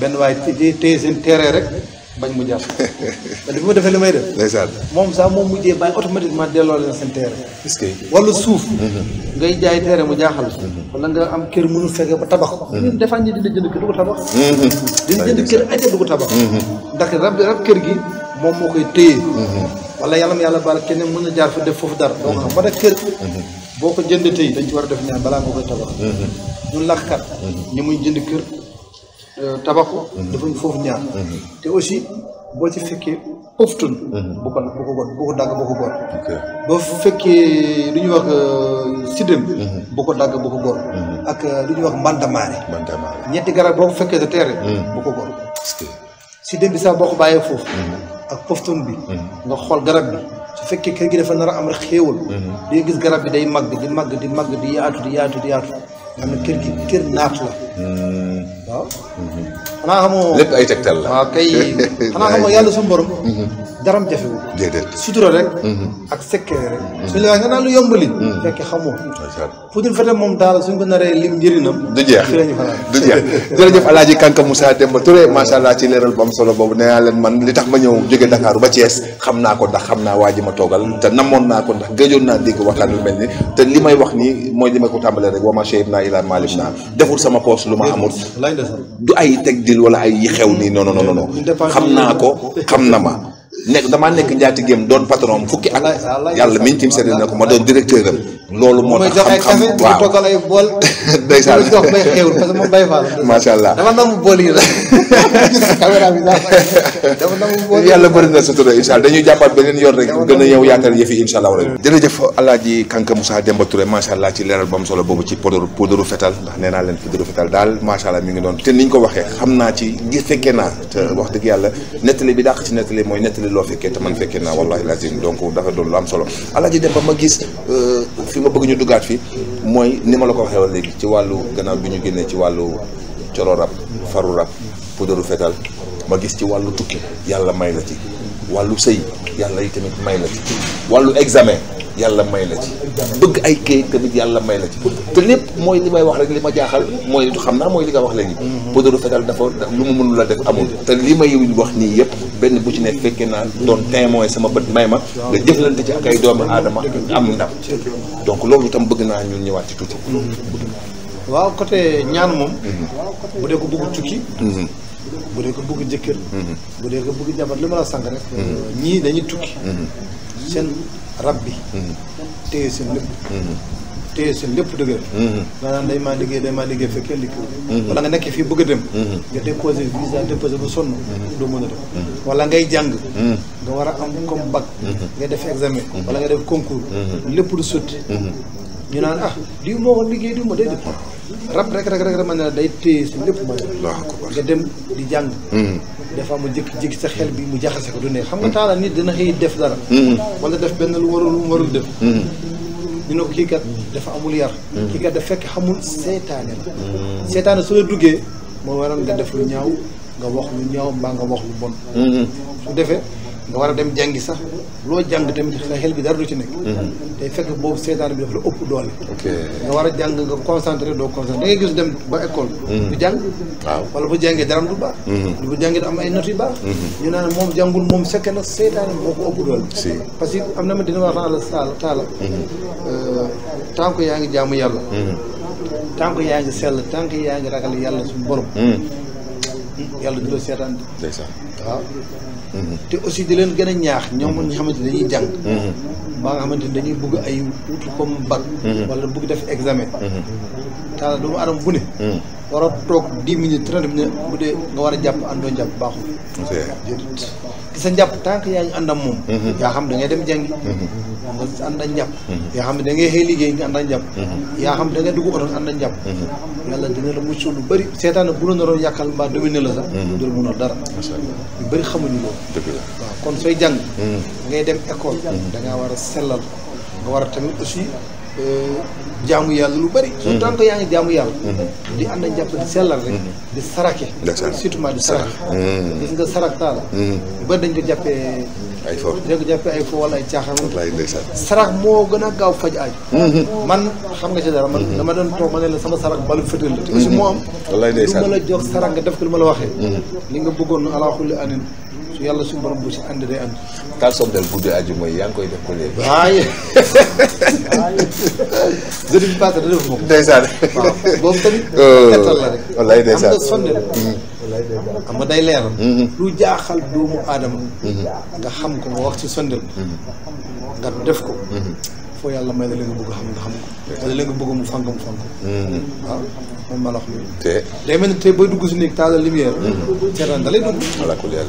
benn waaye téye seen terrain rek bañ mu jàpp te bi ma defee li may def. ndeysaan moom sax moom mujjee bàyyi automatiquement delloo leen seen terre. est wala suuf. Mhm. ngay jaay terre mu jaaxal. Mhm. wala nga am kër mënul fekkee ba tabax ko. ñun mhm. des fois ñu dina jënd kër du ko tabax. dina jënd kër ko tabax. ndax rab rab kër gi moom moo koy téye. wala yàlla na yàlla baal kenn mën na jaar fa def foofu dara. doo ko xam ba nag kër. boo ko jënd tey dañ ci war a def ñaan balaa nga koy tabax. ñun lakkat. ñu muy jënd kër. Euh, tabax ko. dafa foofu ñaar. Mhm. te aussi boo ci fekkee oftun. Mhm. bu ko bu ko ko dagg bu ko gor. boo fekkee lu ñuy wax euh, siddem. Mhm. bu ko dagg bu ko gor. ak euh, lu ñuy wax mandamaare. mandamaare ñetti garab boo fekkee sa teere. bu ko gor. siddem bi sax boo ko bàyyee foofu. ak oftun bi. nga xool garab bi. su fekkee kër gi dafa nar a am rek xéewal. di gis garab bi day màgg di màgg di màgg di yaatu di yaatu di yaatu. xam ne kër gi naat la. Hmm. waaw. Hmm. xanaa xamoo lépp ay tegtal la. waaw kay xanaa xamoo yàlla daram jafewul. déedéet sutura rek. Mhm. ak sekkere rek. suñu la waxee nga naan lu yombali. Mhm. fekk xamoo. macha allah fu ñu fete moom daal suñ ko naree lim njëriñam. du jeex du jeex jërëjëf El Hadj Kanka Moussa Demba Touré macha allah ci leeral bu am solo boobu nee naa leen man li tax ma ñëw jóge Dakar ba Thiès xam naa ko ndax xam naa waa ji ma toogal te namoon naa ko ndax gëjoon naa dégg waxtaan lu mel ni li may wax nii mooy li ma ko tàmbalee rek wa ma shayib naa ilaa maalim naa deful sama poos lu ma amut du ay teg dil wala ay yi xew nii non non non xam naa ko xam na ma nekk damaa nekk njaatigéem doon patron fukki at yàlla mi ngi ci na ko ma doon directeur am. loolu moo tax xam-xam waaw macha allah dama nangu bool yi la. caméra bi bool yi yàlla bëri na sa tur incha allah dañuy jàppaat beneen yoon rek gën mu ndax nee naa leen poudre fetal daal macha allah ngi doon te niñ ko waxee xam naa ci gi fekkee naa te wax dëgg yàlla nettali bi dàq ci nettali mooy nettali loo fekkee te man fekkee naa wallahi lazim donc dafa doon lu am solo alaaji dem ba ma gis euh, fi ma bëgg ñu duggaat fi mooy ni ma la ko waxee woon léegi ci wàllu gannaaw bi ñu génnee ci wàllu coro rab faru rab pudaru fetal ma gis ci wàllu tukki yàlla may la ci wàllu sëy yàlla yi tamit may la ci wàllu examen yàlla may la ci bëgg ay kayit tamit yàlla may la ci te lépp mooy li may wax rek li ma jaaxal mooy xam naa mooy li nga wax léegi mhm. podaru fetal dafa lu mu mënul a def amul te li may wax nii yëpp benn bu ci nekk fekkee naa doon témoin sama bët may ma nga jëflante ci ak ay doomu aadama am ndam donc loolu tam bëgg naa ñun ñëwaat ci tuuti waaw côté ñaan moom mhm. bu dee ko bëgg tukki mhm. bu dee ko bëgg jëkkër bu dee ko bëgg jabar li ma la sànq rek ñii dañuy tukki seen rab bi. Mm-hmm. téye seen lépp. Mm-hmm. téye seen lépp dëgër. Mm-hmm. maanaam day maa liggéey day maa liggéey fekk kenn liggéey. wala nga nekk fii bëgg a dem. nga déposé visa déposé ba sonn. doo mën a dem. wala ngay jàng. nga war a am comme bac. nga def examen. wala nga def concours. lépp lu sotti. ñu naan ah diw moo liggéey diw ma day def. rab rek rek rek mën na la day téye sa lépp mën nga dem di jàng hmm. des fois mu jékki-jékki sa xel bi mu jaxase ko du xam nga taala nit dina xëy def dara hmm. wala def benn lu warul lu mu warul def hmm. ñu ko kii kat dafa amul yar kii kat dafa fekk xamul seetaane la seetaane su la duggee moo waral nga def lu ñaaw nga wax lu ñaaw mbaa nga wax lu bon su defee nga war a dem jàngi sax loo jàng tamit sa xel bi dara du ci nekk. day mhm. fekk boobu seetaan bi dafa la ëpp doole. nga war a jàng nga concentré doo concentré da ngay gis dem ba école. Mhm. du jàng. waaw wala bu jàngee dara du baax. Mhm. bu jàngee am ay notes yu baax. ñu naan moom jàngul moom fekk na seetaan moo ko ëpp doole. parce que am na ma dina wax la saala taala. tant que yaa ngi jaamu yàlla. tant yaa ngi sell tànk yaa ngi ragal yàlla suñu borom. yàlla du la seetaan. ndeysaan. waaw te aussi di leen gën a ñaax ñoom ñi nga xamante ni dañuy jàng ba nga xamante ni dañuy bëgg ay wut comme bac mm-hmm. wala bëgg def examen mm-hmm. taala doomu aadama bu ne mm-hmm. war a toog dix minutes trente minutes bu dee nga war a jàpp àndoo njàpp baaxul. déedéet ki sa njàpp tànk yaa ngi ànd ak moom. yaa xam da dem jàngi. nga ànd ak njàpp. yaa xam ne da ngay mhm. mhm. liggéey nga ànd ak njàpp. Mhm. yaa xam da ngay dugg oto nga ànd ak njàpp. yàlla dina la mucc lu bëri seetaan bu la naroon yàqal mbaa domine la sax. du la mun a dara. yu bëri xamuñu loolu. dëgg la waaw kon sooy jàng. ngay dem école. da ngaa war a sellal nga war a tamit aussi. jaamu yàlla lu bari. su mhm. tant que yaa ngi jaamu yàlla. Mhm. di ànd ak jàpp di sellal rek. Mhm. di sarake. surtout ma di sarake. gis nga sarak taala. ba dañ ko jàppee. ay fo dañ ko jàppee ay fo wala ay caaxaan. sarak moo gën a gaaw faj aaju. man xam nga ci dara man dama doon toog ma ne la sama sarak balu fëtël la. te aussi moo am. lu ma la jox sarak nga def ko lu ma la waxee. li nga bëggoon alaakulli anin. su yàlla suñu borom bu si ànd day ànd. taal somdel guddi aju mooy yaa koy def ko léegi. waaye jeudi bi def ma ko. ndeysaan waaw boobu tamit. xetal oh. la rek. wallaay ndeysaan am mm-hmm. nga xam nga day leeral. Mm-hmm. lu jaaxal doomu aadama. Mm-hmm. nga xam ko nga wax ci sondel. def foo yàlla may la li nga bëgg xam nga xam ko wala li nga bëgg mu fànk mu fànk mm-hmm. waaw moom maa la wax loolu te day mel ni te booy dugg si néeg taal la lumière mm-hmm. seetaan da lay dugg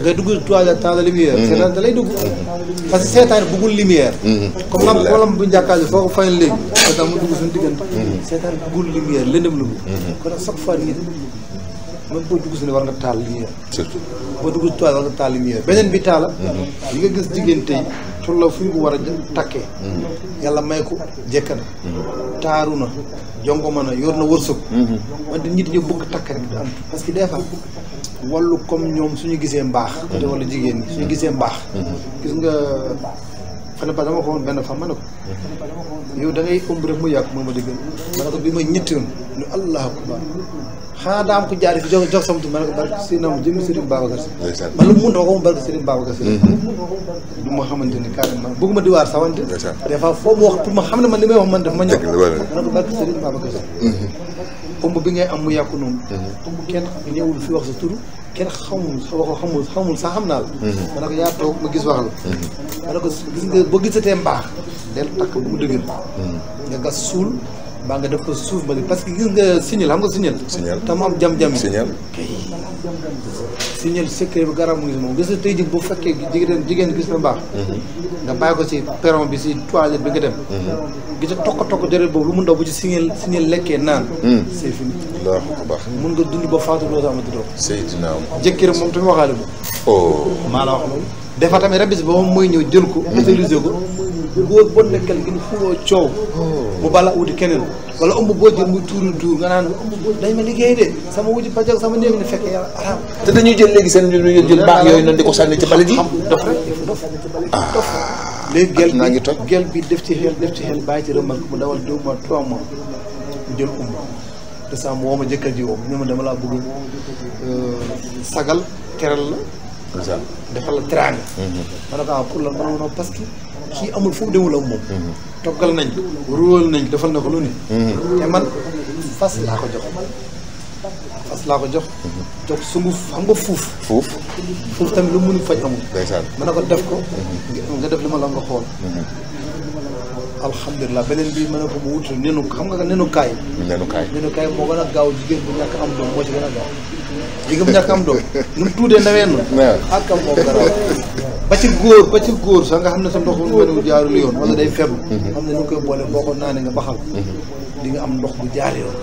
ngay dugg si toilette taal la lumière mm-hmm. seetaan da lay dugg parce que seetaan bëggul lumière comme lam problème bu njàkkaar bi foo ko fayn léegi seetaan mu dugg suñu diggante seetaan bëggul lumière lëndëm la kon nag chaque fois nit même boo dugg si ne war nga taal lumière surtout boo dugg si toilette war nga taal lumière beneen bi taala li nga gis jigéen tey tolla fuñ ko war a takkee mm-hmm. yàlla may ko jekk na mm-hmm. taaru na jongoma na yor na wërsëg wante mm-hmm. nit ñu bëgg takk rek du am parce que des fois wàllu comme ñoom ñu gisee mbaax côté walla jigéen ñi suñu gisee mbaax gis nga xanaa ba dama ko woon benn femme ma ne ko. yow da ëmb rek mu yàqu moom a dégg ma ne ko bi ma ñetti yoon ñu allah daa am ko jaari fi jox jox sama tur ma ne ko barke si nam jëmmi Serigne Babacar Si. man lu mu mënta ko moom barke Serigne Babacar Si. Mhm. ma xamante ni carrément bëgguma di ma xam ne ko barke Serigne Babacar Si. Mhm. ëmb bi ngay am mu yàqu noonu. Mhm. ëmb kenn ñëwul fi wax sa tur. kenn xamul wax xamul xamul sax xam naa la. Mhm. ma ne ko yaa ma gis wax la. Mhm. ma ne ko gis nga boo gisatee mbaax del takk bu mu dëgër. Mhm. nga gas suul. baa nga def ko suuf ba parce que gis nga signal xam nga signal. signal te mu am bi garab mu ngi si moom gis nga tey jii bu fekkee jigéen jigéen gis na baax. Mhm. nga bàyyi ko si perron bi si toilette bi nga dem. Mhm. gis nga tokk tokk deret boobu lu mu ndaw bu ci signal signal lekkee naan. Mhm. c'est fini. allahu akbar mun nga dund ba faatu doo sama dundoo. Seydina am. jëkkër moom tamit waxaale ko. oh. maa la wax loolu. des fois ba moom mooy ñëw jël ko. utiliser ko. góor bu bala wuti keneen wala ëmb boo jël muy tuuru duur nga naan ëmb boo dañ ma liggéey de sama wuti pajak sama néew ne fekk yàlla araam te dañuy jël léegi seen jël baax yooyu noonu di ko sànni ci bale ji dof rek dof dof léegi gel bi gel bi def ci xel def ci xel bàyyi ci rëmmal mu dawal deux mois trois mois mu jël ëmb te saa mu woo ma jëkkër ji woo ñu ma dama laa bëgg euh, sagal teral la defal la teraanga mm-hmm. ma ne ko ah pour la ma ne parce que kii amul foofu demul ak moom mm-hmm. toggal nañ ruwal nañ defal na ko lu ne. Mhm. te man fas laa ko jox fas laa ko jox. Mhm. jox sunguf xam nga fuuf. fuuf fuuf tamit lu mënul faj amul. ndeysaan mën na ko def ko. Mhm. nga def li ma la nga xool. alhamdulilah beneen bi mën na ko mu wutal nenu xam nga nenu kaay. nenu kaay nenu kaay moo gën a gaaw jigéen bu ñàkk am doom moo ci gën a gaaw. diggam ñàkk am doom nu mu tuutee naween na ak am moom garaaw ba ci góor ba ci góor sax nga xam ne sa ndox mu mel jaarul yoon wala day faible xam mhm. ne ñu koy boole boo ko naanee nga baxal mhm. di nga am ndox bu jaar yoon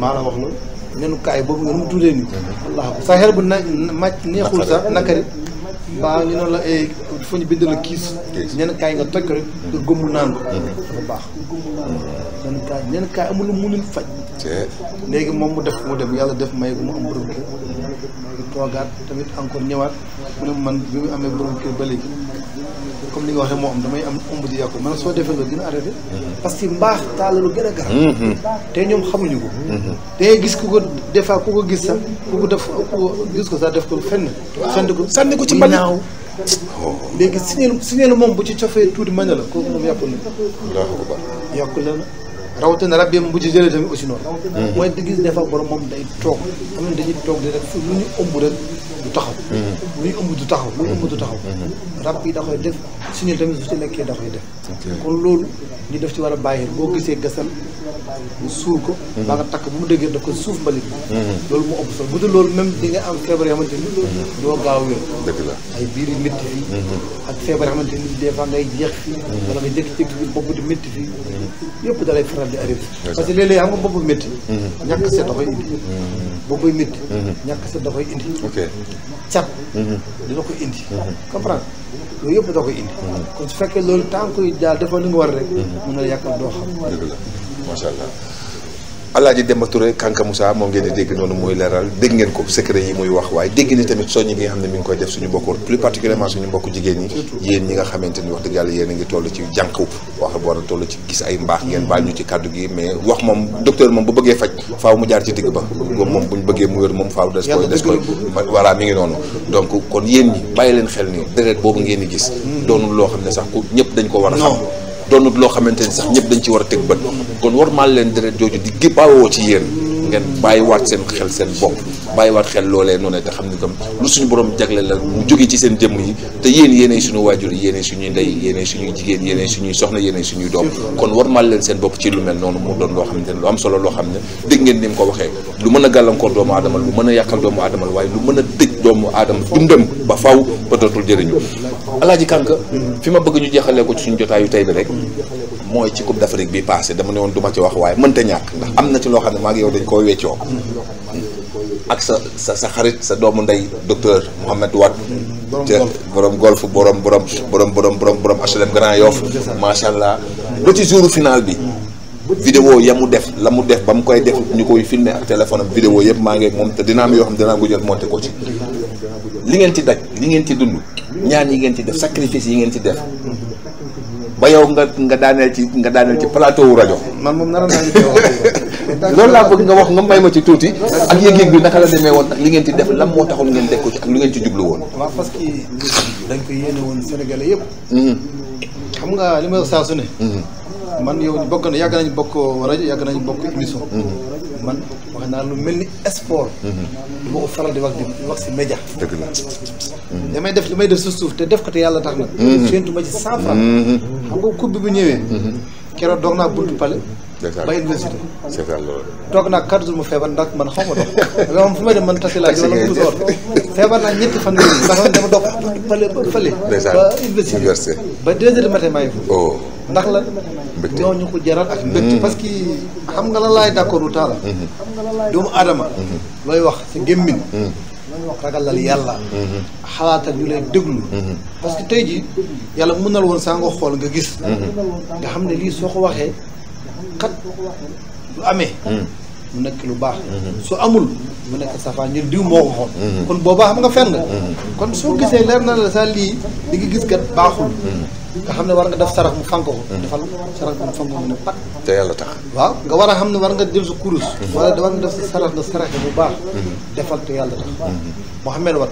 maa la wax loolu nenu kaay boobu nga nu mu tuutee nii mhm. wallaahi sa xel bu na màcc neexul sax nakari mbaa ñu ne la ay eh, ñu bind la kiis ñenn kaay nga toj ko rek nga gëmmu naan ko dafa baax nen kaay nen kaay amul lu mu leen faj. léegi moom mu def mu dem yàlla def may bu mu am borom kër toogaat tamit encore ñëwaat mu ne man bi mu amee borom ba léegi comme li nga waxee moom am damay am omb di yàqu man soo defee loolu dina arrêté mm-hmm. parce que mbaax taalalu gën a garab mm-hmm. te ñoom xamuñu ko dangay mm-hmm. gis ku ko defaa ku ko gis sax ku ko def ku ko gis ko sax def ko fenn sànni ko sànni ko ci oh. léegi si naaw si signal signal moom bu ci cofee tuuti mën na la kooku moom yàqu na yàqu la la rawatina rab bi bu ci jëlee tamit aussi noonu. mooy di gis des fois borom moom day toog am na dañuy toog di def lu ñu ëmb rek. du taxaw. Mm-hmm. luy ëmb du taxaw luy ëmb du taxaw. Mm-hmm. rab yi da koy def suñu tamit su ci lekkee da koy def. kon loolu ñu def ci war a bàyyi boo gisee gasal mu suur ko. Mm-hmm. ba nga takk bu mu dëggee daf ko suuf mbalit bi. loolu moo ëpp solo bu dee loolu même di nga am feebar yoo xamante ni. doo gaaw wér. la ay biir yu métti fii. ak feebar yoo xamante ni des fois ngay jeex fii. wala nga jékki-jékki bi bopp di métti fii. yëpp da lay faral di arrivé. parce que léeg-léeg xam nga bopp métti. ñàkk set indi. cat mhm. dina ko indi mhm. comprendre loolu yëpp da ko indi mhm. kon su fekkee loolu tant que daal dafa li nga war rek mën na yàqal doo xam macha allah Alaaji Demba Touré Kanka Moussa moom ngeen di dégg noonu muy leeral dégg ngeen ko secret yi muy wax waaye dégg ni tamit soññi gi nga xam ne mi ngi koy def suñu mbokku plus particulièrement suñu mbokk jigéen ñi yéen ñi nga xamante wax dëgg yàlla yéen a ngi toll ci jànq wax war a toll ci gis ay mbaax ngeen baal ñu ci kàddu gi mais wax moom docteur moom bu bëggee faj faaw mu jaar ci digg ba boobu moom buñ bëggee mu wér moom faaw des koy des koy voilà mi leen xel ni déret boobu ngeen di gis hmm. loo xam ne sax ku ñëpp dañ ko war a xam doonut loo xamante ni sax ñëpp dañ ci war a teg bët kon war maa leen deret jooju di gëbaawoo ci yéen ngeen bàyyiwaat seen xel seen bopp bàyyiwaat xel loolee noonu te xam ne comme lu suñu borom jagleel la mu jóge ci seen jëmm yi te yéen yéenay suñu waajur yéenay suñuy ndey yéenay suñuy jigéen yéenay suñuy soxna yéenay suñuy doom kon war mal leen seen bopp ci lu mel noonu mu doon loo xam ne lu am solo loo ne dégg ngeen ni mu ko waxee lu mën a gàllankoor doomu aadama lu mën a yàqal doomu aadama lu mën a tëj doomu aadama dundam ba faw ba dootul jëriñu alaaji kànka fi ma bëgg ñu jeexalee ko ci suñu jotaayu tey bi rek mooy ci coupe d'Afrique woon duma ci wax waaye mënta ñàkk ndax am na ci ne maa ngi yow dañ koo ak sa sa sa xarit sa doomu ndey docteur Mouhamed Watt ca borom golf borom borom borom borom borom borom HLM Grand Yoff macha allah ba ci jour final bi vidéo ya mu def la mu def ba mu koy def ñu koy filmé ak téléphone am vidéo yëpp maa ngi ak moom te dina am yoo xam ne dinaa ko jël monté ko ci li ngeen ci daj li ngeen ci dund ñaan yi ngeen ci def sacrifice yi ngeen ci def ba yow nga nga daaneel ci nga daaneel ci plateau wu rajo. man moom naroon naa li loolu laa bëgg nga wax nga may ma ci tuuti. ak yëg-yëg bi naka la demee woon ak li ngeen ci def lan moo taxul ngeen def ko ci ak lu ngeen ci jublu woon. waaw parce que dañ ko yéene woon Sénégalais yëpp. Mm-hmm. xam nga li ma saa su ne. Mm-hmm. man yow bokk na yàgg nañu bokk rajo yàgg nañu bokk émission. man wax naa lu mel ni sport. du ma ko faral di wax di wax si média. dëgg la. damay def lu may def sa suuf te def ko te yàlla tax na. Mhm. séentu ma ci cent franc. Mhm. xam nga coupe bi bu ñëwee. Mhm. keroog doog naa buntu pale. ba université. c'est ça loolu. toog naa feebar ndax man xaw ma dox. loolu moom fu may dem man tasi laa jëloon mu door. feebar naa ñetti fan yii ndax dama dox fële ba fële. université ba deux heures du matin maa ndax la ñoo ñu ko jaral ak mbégte mm-hmm. parce que xam nga la laay d'accord u taala mm-hmm. doomu aadama mm-hmm. looy wax sa gémmiñ ragalal yàlla xalaatal ñu lay déglu parce que tey ji yàlla mën nal woon saa nga xool nga gis nga xam ne lii soo ko waxee xat lu amee mu nekk lu baax su amul mu nekk safaan ñun diw moo ko xool mm-hmm. kon boobaa xam nga fen mm-hmm. kon soo gisee leer na la sa lii li nga gis gat baaxul mm-hmm. nga xam ne war nga def sarax mu fanko ko defal sarax mu fanko mu ne pat te yàlla tax waaw nga war a xam ne war nga jël sa kurus wala war nga def sa sarax nga saraxe bu baax defal te yàlla tax Mouhamed Wat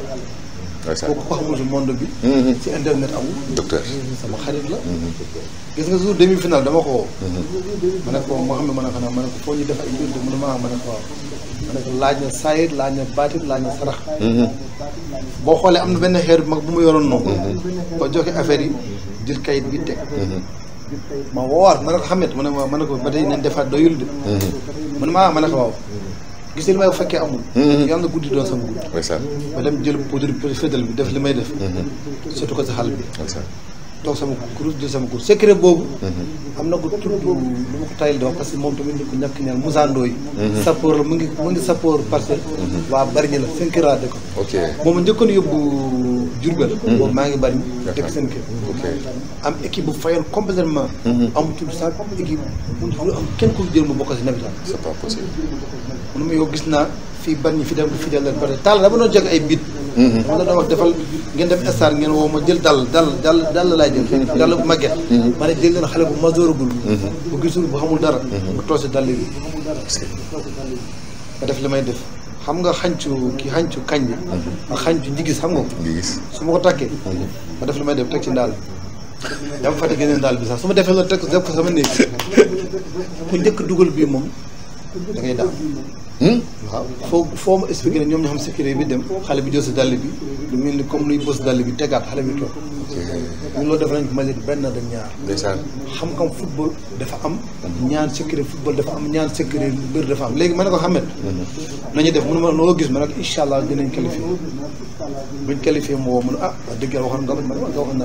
kooku ko xamul si monde bi mm-hmm. ci internet amul docteur mm-hmm. sama xarit la gis nga jour demi final dama ko woo mm-hmm. ma ne ko moo xam ne mën a xanaa ma ne ko ñu def ay de mu ne ma ma ne ko ma ne laaj na saayit laaj na baatit boo xoolee am benn xeer mag bu mu yoroon noonu ba joxe affaire yi jël kayit bi teg ma woowaat ma ne ma ne ma ne ko ba tey nañ defaat doyul de mu ne ma ma ne ko waaw gis li may bu fekkee amul mm-hmm. yàlla na guddi doon sama guddi ba dem jël poudre bi fédéral bi def li may def mm-hmm. surtout ko si xal bi toog sama kuréel jël sama kuréel secret boobu. Mhm. am na ko tur boobu lu ma ko tayal di parce que moom tamit nit ku ñàkk neel Moussa Ndoye. Mhm. sappoor la mu ngi mu ngi sappoor parcelle. Mhm. waa Bargny la seen kër laa dëkk. ok moom njëkkoon yóbbu. Diourbel boobu maa ngi bari dëkk seen kër am équipe bu fayoon complètement amatul sax équipe lu am kenn ku jël mu bokk si nawetaan c'est pas possible mu yow gis naa fii bari ñi fi dem fi delloo taal la ba doon jeg ay bit dama la doon wax defal ngeen dem star ngeen woo ma jël dal dal dal dal laay jël mm-hmm. dal bu màgget ma mm-hmm. ne jël leen xale bu majooragul mm-hmm. bu gisul bu xamul dara bu toog si dal bi nga def li may def xam nga xancu ki xancu kañ bi ak xancu njigis xam nga ko su ma ko takkee ma def la may def teg ci ndaal dama fàtte géneen daal bi sax su ma defee loolu teg def ko sama néeg ku njëkk dugal bii moom da daal Hmm? waaw foo foo ma expliqué ne ñoom ñoo xam sécurité bi dem xale bi jël si dàll bi lu mel ni comme luy bës dàll bi tegaat xale bi toog ñun loolu def nañ ko majeur benn da ñaar ndeysaan xam-xam football dafa am hmm. ñaar sécurité football dafa am ñaar sécurité mbir dafa am ma ne ko xamet hmm. nañu def mënu ma noo gis ma ne ko incha allah dinañ qualifié buñ qualifié mu woo mu ne ah, ma ne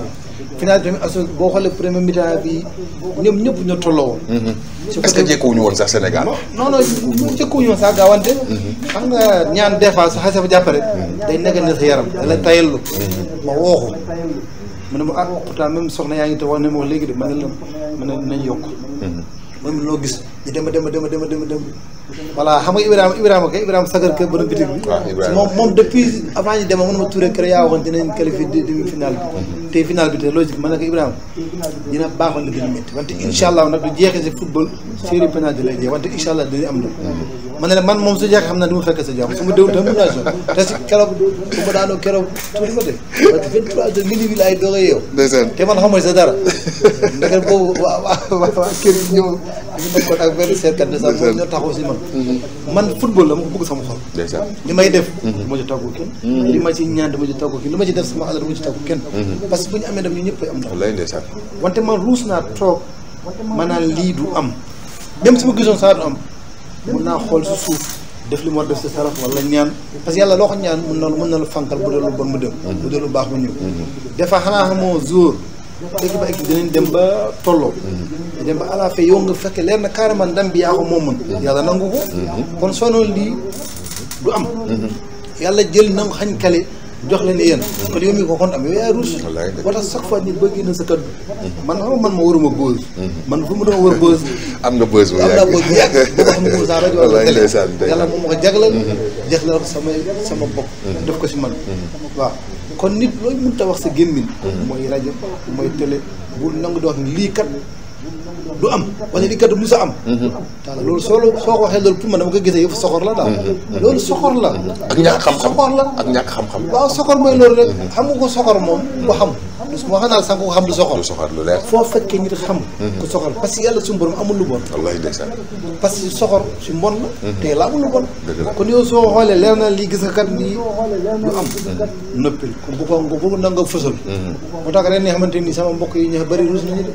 nga waxoon boo xoolee premier mi-temps bi ñoom ñëpp ñoo tolloo woon est-ce que jékkuwuñu sax Sénégal non non jékkuwuñu woon sax gaawante mm-hmm. xam nga ñaan des fois su xasee jàppare mm-hmm. day nekk ne sa yaram da lay tayellu mm-hmm. ma wooxu mu ne ma ah pourtant même soxna yaa ngi te wax ne ma léegi de ma ne la ma ne nañ loo gis ñu dem dem dem dem dem dem voilà xam nga Ibrahima Ibrahima kay Ibrahima sagar kër borom bitig bi ah, moom moom depuis avant ñu dema mën ma tuuré kër yaa waxoon dinañ qualifié demi finale bi te finale bi te logique man na ko Ibrahima dina baaxoon na gën a métti wante incha nag du jeexee si football série penalty lay jeex wante incha allah xam naa du ma fekk ma déwul tam mën naa so te si keroog ma daanoo keroog tuuti ma de parce que may def mhm. dama ci tàggu kenn mhm. li ma ci ñaan dama ci tàggu kenn li ma ci def sama mhm. wante man ruus naa toog maanaam lii du am même su ma gisoon saa du am mun naa xool si suuf def li moo def si sarax wala ñaan parce yàlla loo ko ñaan mun na mun na lu fankal bu dee lu bon dem. Mhm. baax mu ñëw. Mhm. des fois xanaa ba équipe dem ba tolloo. Mhm. dem ba à la fin yow nga fekke leer na carrément ndam bi yaa ko moomoon. yàlla nangu ko. kon soo lii du am. yàlla jël nangu xañ kale. jox leen yéen kon yow mii ko kon am yow yaa ruus moo tax chaque fois nit bëgg na sa kaddu mhm. man xam man ma waruma buzz mhm. man fu mu doon war buzz am nga buzz bu yàgg am naa buzz bu yàgg boo ko xam ne pour sa rajo wala télé yàlla moom ma ko jaglal mhm. sama sama bopp def ko si man waaw kon nit looy mënta wax sa gémmiñ mooy rajo mooy télé bu nangu di wax lii kat du am wala di kat du mus a am voilà mhm. loolu soo soo ko waxee loolu pour ko gisee la daal mhm. Mhm. loolu soxor la ak xam-xam soxor la ak ñàkk xam-xam waaw soxor mooy loolu rek xam nga ko soxor moom du xam moo xam naa ko xam du xam ku parce que yàlla suñu borom amul lu bon parce que soxor si mbon la te yàlla amul lu bon kon yow soo xoolee leer na lii nga kat lii moo tax ren ni xamante ni sama mbokk yi ñu bëri ruus nañu de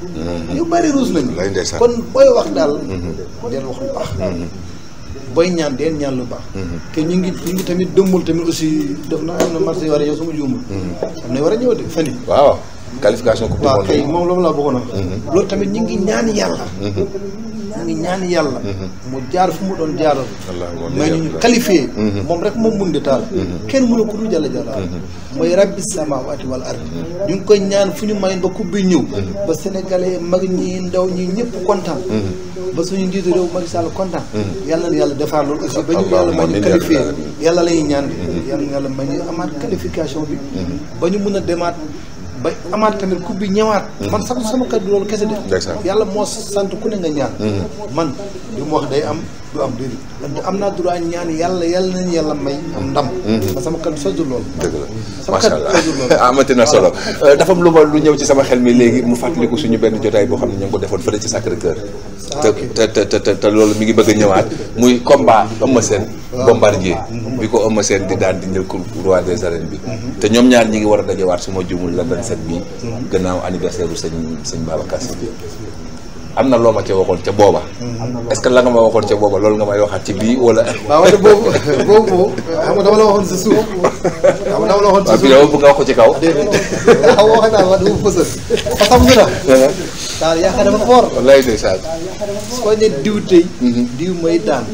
ñu bëri ruus nañu wallaay ndeysaan kon booy wax daal. Mhm. deel wax lu baax. Mhm. booy ñaan deel ñaan lu baax. Mhm. te ñu ngi ñu ngi tamit dëmbul tamit aussi def na am na marché yu war a ñëw sama am na war a ñëw de fan yi. waaw qualification coupe du monde waaw moom loolu laa bëggoon a. loolu tamit ñu ngi ñaan yàlla. ngi ñaan yàlla mu jaar fu mu doon jaaral may ñu qualifié mm-hmm. moom rek moom mun di taal mm-hmm. kenn mënu ko du jàlla mm-hmm. mooy rabbi samawati wal ard ñu ngi koy ñaan fu ñu may ba coupe bi ñëw ba sénégalais mag ñi ndaw ñi ñëpp kontaan ba suñu njiitu réew Macky Sall kontaan yàlla na yàlla defar loolu aussi ba ñu yàlla may ñu qualifié yàlla lay ñaan bi ba ñu mun a demaat ba amaat tamit ku bi ñëwaat. man sax sama kàddu loolu kese de. yàlla moo sant ku ne nga ñaan. Mm-hmm. man li mu wax day am du am déedéet. te am naa droit ñaan yàlla yàlla nañu yàlla may am ndam. Mm-hmm. ba sama kan sojul lool. dëgg la macha allah amati na solo euh, dafa am lu ma lu ñëw ci sama xel mi léegi mu fàttaliku suñu benn jotaay boo xam ne ñu ngi ko defoon fële ci Sacré Cœur. te te te te loolu mi ngi bëgg a ñëwaat muy combat Eumeu Sène Bombardier mm-hmm. bi ko Eumeu Sène di daan di njël roi des arènes bi mm-hmm. te ñoom ñaar ñi ngi war a dajewaat su ma juumul la 27 bi gannaaw anniversaire bu sëñ sëñ Babacar Sy am na loo ma ca waxoon ca booba. est-ce que la nga ma waxoon ca booba loolu nga may waxaat ci bii wala. waaw waaye boobu boobu moom xam nga dama la waxoon si nga dama la waxoon si suuf waaw bii yow bëgg nga wax ci kaw. déedéet xam nga wax naa wax dama la. daal yaakaar dafa foor. wallaay ndeysaan. su ko mooy daan.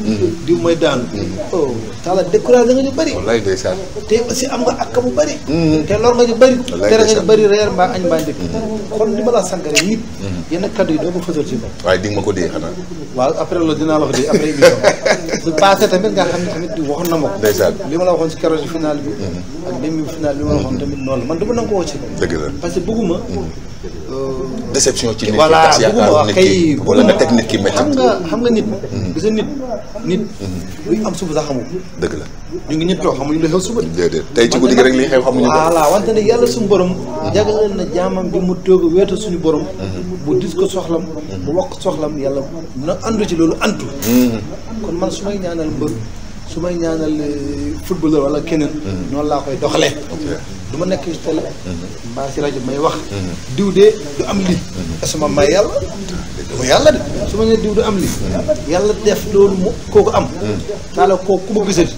diw mooy daan. Mhm. Mhm. oh taala découragé nga ñu bëri. wallaay ndeysaan. te aussi am nga akka bu bëri. Mhm. te lor nga ñu bëri. wallaay ndeysaan nga ñu bëri reer mbaa añ mbaa ndékki. kon li ma la sànq rek nit yenn kaddu yi doo ko fësal ci ko waaye di ma ko dee xanaa. waaw tamit nga xam ne tamit waxoon na ma ko. ndeysaan li ma la waxoon si keroog final bi. Mhm. ak demi final bi ma la waxoon tamit la man dama déception ci nit ki tax yaakaaru nit ki wala nga nit ki métti xam nga xam mm-hmm. mm-hmm. am suba sax xamul dëgg la ñu ngi ñëpp toog xamuñu lu xew suba déedéet tey ci guddi gi rek li xew xamuñu wante nag yàlla suñu borom mm-hmm. jagleel na jaamam bi mu toog weetu suñu borom bu dis ko soxlam bu wax soxlam yàlla na andu ci loolu antu kon man su may ñaanal mbër su may ñaanal eh, footballeur wala keneen noonu laa koy doxalee du ma nekk ci télé mhm. mbaa si rajo may wax mhm. diw de du am lii asuma mhm. may yàlla dama ah, yàlla de su ma nee diw du am lii yàlla def loolu mu kooku am taala kooku ku ma gisati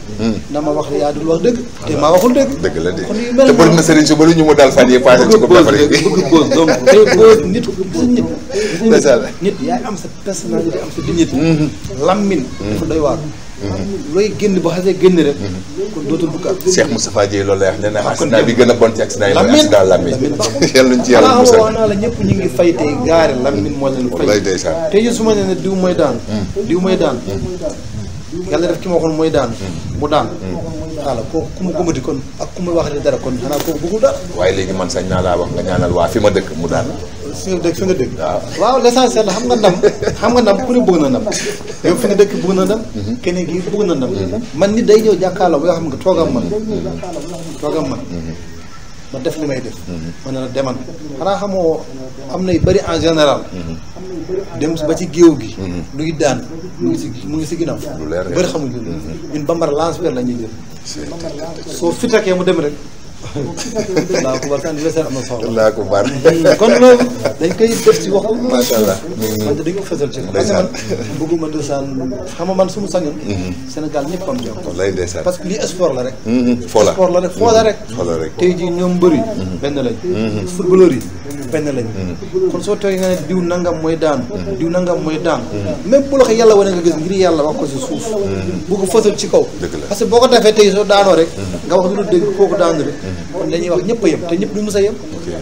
na ma wax yaa dul wax dëgg te maa waxul dëgg dëgg la de te bëri na sëriñ su bëri ñu mu daal fan yi passé ci ko defar bëgg boos donc tey boos nit gis nit nit yaay am sa personnalité am sa dignité lammin dafa doy waar Mm-hmm. looy génn ba xasee génn rek. Mm-hmm. kon dootul bukk ak. Cheikh Moustapha Dieye loolu lay wax nee na ah, accident bi gën a bon ci accident yi mooy naa la ñëpp ñu ngi fay tey gaare Lamine moo leen fay. wallaay ndeysaan tey jii su ma nee diw mooy daan. Mm. diw mooy daan. Mm. yàlla def ki ma waxoon mooy daan. Mm. mu daan. xaaral kooku ku ma gëmati kon ak ku ma waxati dara kon xanaa kooku bëggul waaye léegi man sañ naa laa wax nga ñaanal waa fi ma dëkk mu daan. fi nga dëkk fi nga dëkk waaw l'essentiel la xam nga ndam xam nga ndam ku ne bëgg na ndam yow fi nga dëkk bëgg na ndam mhm. keneen gi bëgg na ndam mhm. man nit day ñëw jàkkaarloo ba yoo xam nga toogam man mhm. ma def li may def ma ne la demal xanaa xamoo am nay bëri en général dem ba ci géew gi luy daan mu ngi si mu ngi si ginnaaw bëri xamuñ loolu ñun bambara lance vers la ñuy jël soo fitakee mu dem rek allahu akbar sa anniversaire am na solo. allahu akbar kon loolu def ci waxal. macha allah man de dañoo fësal ci. ndeysaan parce que man bëgguma ndeysaan xam nga man su ma sañoon. Sénégal ñëpp am jàmm. wallaay ndeysaan parce que lii la rek. Mm-hmm. foo la sport la rek foo rek. Mm-hmm. foo la rek mm-hmm. benn lañ. footballeur yëpp benn lañ mm-hmm. kon soo toogee nga ne diw nangam mooy daan mm-hmm. diw nangam mooy daan mm-hmm. même bu loxo yàlla wane nga gis ngir yàlla wax ko si suuf bu ko ci kaw parce boo ko defee tey soo daanoo rek nga wax lu dul dëgg kooku daanu rek kon dañuy wax ñëpp yem te ñëpp du mës a yem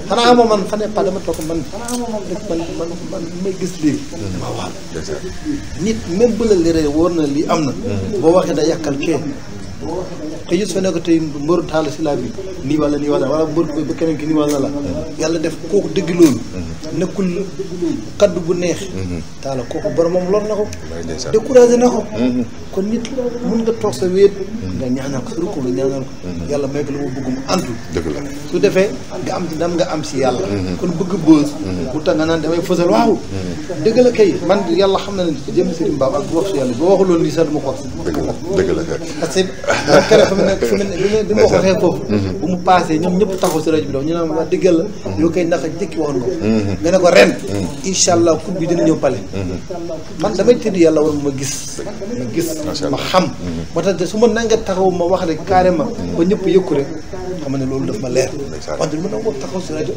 xanaa moom man xanaa pas dama toog man man man man gis léegi nit même bu la léré wóor na li am na boo waxee da yàkkal kee xëyës fa nekk tey mbër taal si laa bi nii wala nii wala wala ko ba keneen ki nii wala la yàlla def kooku dëgg loolu nekkul kaddu bu neex mhm. taala kooku boromam lor na ko découragé na ko mhm. kon nit mun nga toog sa wéet mhm. nga ñaanal ko surko la ñaanal ko yàlla may ko lu mu bëgg mu antu dëgg la su defee nga am si dam nga am si yàlla kon bëgg bës bu tax nga naan damay fësal waaw dëgg la kay man yàlla xam na ne jëm Serigne Baba ak wax si yàlla boo waxuloon lii sax dama ko wax dëgg la dëgg la xam ne nag fi mu ne bi ma ko waxee foofu bu mu passé ñoom ñëpp taxaw si rajo bi dox ñu naan wax dëggal la mm-hmm. yow koy naka jëkki waxoon ko mm-hmm. nga ne ko ren mm-hmm. incha allah coupe bi dina ñëw pale man damay tëdd yàlla war ma gis ma gis ma xam moo tax su ma nanga taxaw ma wax rek carrément ba ñëpp yëkku rek dama ne loolu daf ma leer. wante du ma nangoo taxaw si rajo.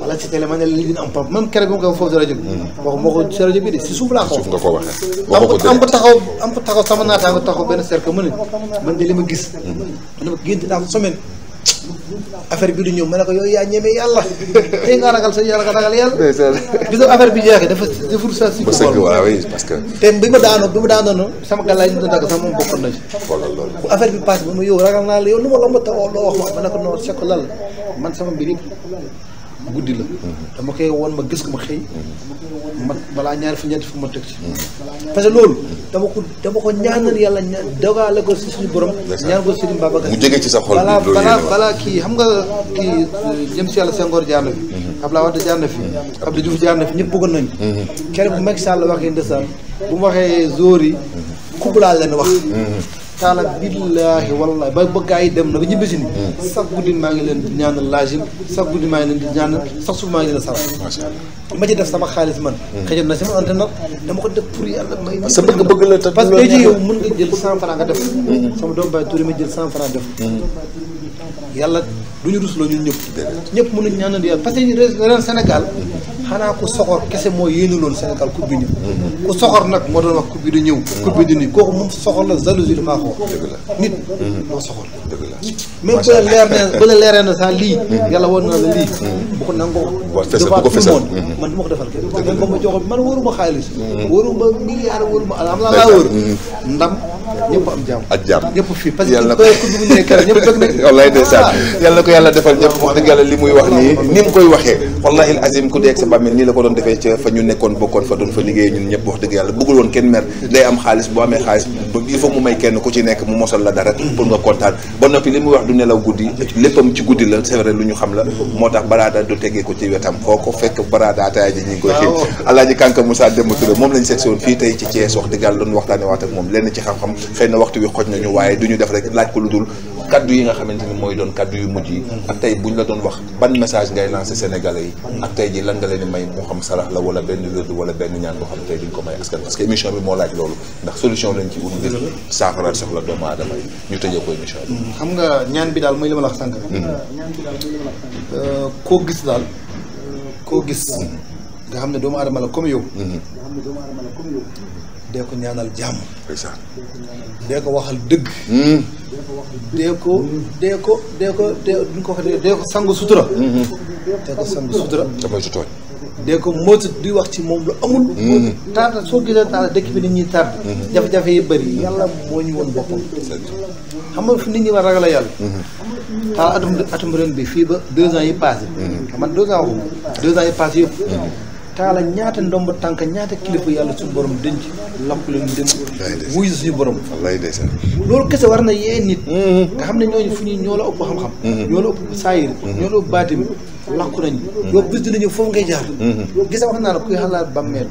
wala mhm. si télé ma ne li dina am pam même keroog nga ko foofu si rajo bi. Mhm. waxuma ko si rajo bi de si suuf laa ko. suuf nga ko waxee waxoo ko am ko taxaw am ko taxaw sama naataango taxaw benn cercle ma ne man de li ma gis. Mhm. dama gént naa ko semaine. affaire bi du ñëw ma ne ko yooyu yaa ñeme yàlla tey nga ragal sa yàlla nga ragal yàlla. bisoo affaire bi jeexee dafa defur sa si. parce que. te bi ma daanoo bi ma daanoo sama gàllaay ñu doon dagg sax moom bokkoon na bu affaire bi paase ba ma yow ragal naa la yow lu ma la ma tawoo loo wax ma ne ko non c'est que man sama mbir guddi la dama koy woon ma gis ku ma xëy ma balaa ñaari fi ñeenti fu ma teg ci parce que loolu dama ko dama ko ñaanal yàlla ñaan ko si suñu borom ñaan ko Serigne Babacar mu jege ci sa xol balaa balaa balaa kii xam nga kii jëm si yàlla Senghor jaar na fi mhm. Abdoulaye Wade jaar na fi mhm. Abdou Diouf jaar na fi ñëpp bëggoon nañu mhm. keroog bu Macky Sall waxee ndesaan bu mu waxee zóor yi couple laa leen wax taala billaahi wallaahi ba ba gars dem na ba ñibbisi ni sax guddi maa ngi leen ñaan ñaanal laajim sax guddi maa ngi leen di sax suuf maa ngi leen saral ma ci def sama xaalis man hmm. xëjoon na sama entraîneur dama ko def pour yàlla may sa bëgg bëgg la te parce que tey jii yow jël cent franc nga def hmm. sama doom bàyyi tuuri ma jël cent franc def hmm. yàlla du ñu rusloo ñun ñëpp ñëpp ñaan nañ ñaanal yàlla parce que ren Sénégal xanaa ko soxor kese moo yéene loolu Sénégal coupe bi ku soxor nag moo doon wax coupe bi di ñëw. coupe bi di nii kooku moom soxor la jalousie damaa ko wax. dëgg la nit. Mhm. moo soxor. la même bu la leer leeree na sax lii. Mhm. yàlla woon na la lii. Mhm. bu ko nangoo. waaw man du ma ko defal kenn. dëgg la man ma joxoon man wóoruma xaalis. laa wóor ndam. ñëpp am jàmm ak jàmm ñëpp fii parce que yàlla ah. ko yàlla defal ñëpp wax dëgg yàlla li muy wax nii ni mu koy waxee wallahi azim ku dee ak sa bàmmeel nii la ko doon defee ca fa ñu nekkoon bokkoon fa doon fa liggéey ñun ñëpp wax dëgg yàlla bëggul woon kenn mer day am xaalis bu amee xaalis il faut mu may kenn ku ci nekk mu mosal la dara pour nga kontaan ba noppi li muy wax du nelaw guddi léppam ci guddi la c'est lu ñu xam la moo tax baraada du tegee ko ci wetam foo ko fekk xëy na waxtu wi xoj nañu waaye du ñu def rek laaj ko lu dul kaddu yi nga xamante ni mooy doon kaddu yu mujj yi ak tey buñ la doon wax ban message ngay lancé sénégalais yi ak tey ji lan leen may moo xam sarax la wala wala benn ñaan boo xam tey duñ ko may askan parce que émission bi moo laaj loolu ndax solution lañ ñu tëjee ko émission mm, xam nga ñaan bi daal mooy li ma mm. euh, koo gis daal gis mm. nga xam ne doomu adama la comme yow mm-hmm. nga xam ne la comme yow dee ko ñaanal jàmm. ndeysaan. dee ko waxal dëgg. Hmm. dee ko dee ko dee ko dee ko dee ko sangu sutura. Hmm. dee ko sangu sutura. damay su tooñ. dee ko moytu di wax ci moom lu amul. Hmm. taata soo gisee taata dëkk bi nit ñuy taat. jafe-jafe yi bëri yàlla moo ñu woon boppam. xam nga fi nit ñi war ragal a yàlla. taal atum atum ren bi fii ba deux ans yi passé. man deux ans yi passé yëpp. taala ñaata ndomb tànk ñaata kilifa yàlla suñu borom denc lamp leen dem wuy suñu borom loolu kese war na yee nit mm-hmm. nga xam ne ñooñu fu ñuy ñoo la ëpp xam-xam mm-hmm. ñoo la ëpp saayir mm-hmm. ñoo la ëpp baatim lakku nañu yow bis dinañu foofu ngay jaar gisa wax naa la kuy xalaat bàmmeel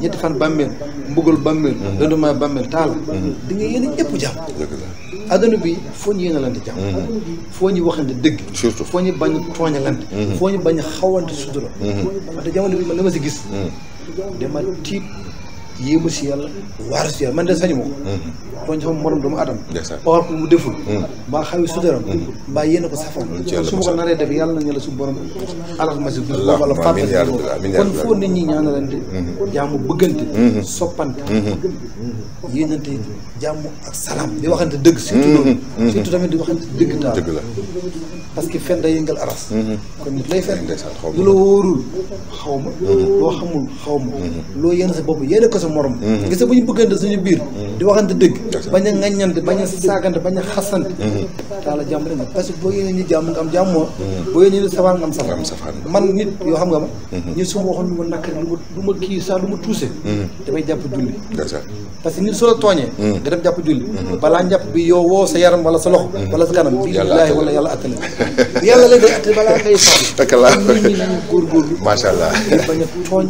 ñetti fan bàmmeel mbugal bàmmeel lëndamaay bàmmeel taala di nga yéene ñëpp adduna bi foo ñu yéenalante jàmm mm-hmm. foo ñu waxante dëgg surtout foo ñu bañ tooñalante mm-hmm. foo ñu bañ xawante sutura wante mm-hmm. jamono bi man li ma si gis dama tiit yéemu si yàlla waaru si yàlla man de sañu ma ko tooñ sama morom doomu aadama or ko mu deful mbaa hmm. xawi sudaram mbaa hmm. yéene ko safaan kon su ma ko naree def yàlla nañu la su borom alal masi bu wala fàttali kon foo nit ñi ñaanalante hmm. jaamu bëggante soppante yéenante jàmm ak salaam di waxante dëgg surtout loolu surtout tamit di waxante dëgg daal parce que fen day yëngal aras kon nit lay fen lu la wóorul xaw ma loo xamul xaw ma loo yéene sa bopp yéene ko sa morom gis nga bu ñu bëggante suñu biir di waxante dëgg bañ a ŋaññante bañ a saagante bañ a xasante taala mm-hmm. jàmm rek parce que boo yéene ñu jàmm nga am jàmm moo mm-hmm. boo yéene ñu safaan nga am safaan man nit yoo xam nga ma ñu mm-hmm. suma waxoon lu ma nakkari lu ma kii sax lu ma tuuse damay jàpp julli parce que nit soo tooñee nga def jàpp julli balaa njàpp bi yow woo sa yaram wala sa loxo wala sa kanam billaahi wala yàlla attale yàlla la day attale balaa ngay sax kon nit ñi nañu góorgóorlu macha bañ a tooñ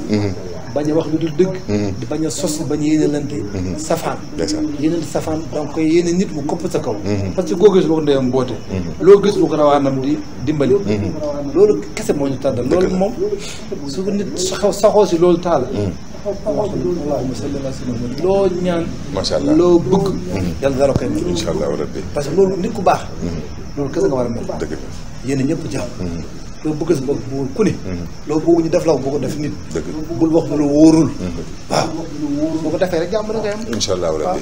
bañ a wax lu dul dëgg mm-hmm. di bañ a sos bañ mm-hmm. yéenalante safaan yéenante koy yéene nit mu kopp sa kaw mm-hmm. parce que koo gis boo ko ndeyam mboote loo gis bu ko rawaanam di dimbali loolu kese moo ñu tàddal loolu moom su nit saxoo si loolu taal allahumma loo ñaan loo bëgg yàlla dara koy incha allah rabbi parce que loolu nit ku baax loolu kese nga war a mel dëgg la yéen ñëpp jàmm loo bëgg sa bopp bëggul ku ne mhm. bëgg ñu def la bëgg def nit bul wax lu wóorul mhm. waaw boo defee rek jàmm na ngay am incha allahu rabbi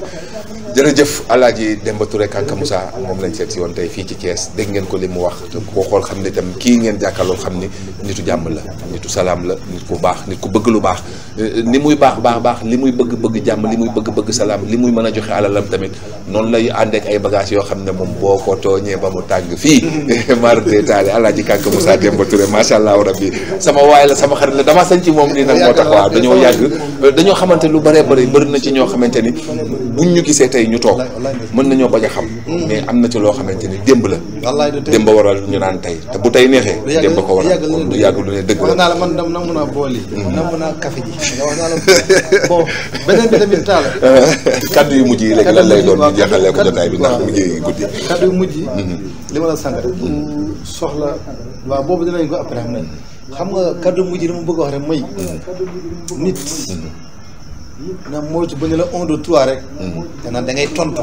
jërëjëf alaaji Demba Touré Kanka Moussa moom lañ seet si woon tey fii ci Thiès dégg ngeen ko li mu wax te koo xool xam ne tam kii ngeen jàkkaarloo xam ni nitu jàmm la nitu salaam la nit ku baax nit ku bëgg lu baax ni muy baax baax baax li muy bëgg bëgg jàmm li muy bëgg bëgg salaam li muy mën a joxe alalam tamit noonu la àndeek ay bagage yoo xam ne moom boo ko tooñee ba mu tàng fii mm-hmm. mar Demba Touré macha allah rabbi sama waay la sama xarit la damaa sañ ci moom lii nag moo tax waaw dañoo yàgg dañoo xamante lu bëree bëri bëri na ci ñoo xamante ni buñ ñu gisee tey ñu toog mën nañoo bañ a xam mais am na ci loo xamante ni démb la démb waral ñu naan tey te bu tey neexee démb ko waral du yàgg lu ne dëgg la wax naa la man dam nangu naa bool yi mm. nangu naa kaddu yu mujj yi léegi lan lay doon ñu jeexalee ko jotaay bi ndax mu ngi guddi kaddu yu mujj mm-hmm. li ma la sant mm-hmm. soxla waaw boobu danañ ko après am nañ xam nga kaddu mujj dama bëgg wax rek mooy nit na moytu ba ñu la un deux trois rek te naan da ngay tontu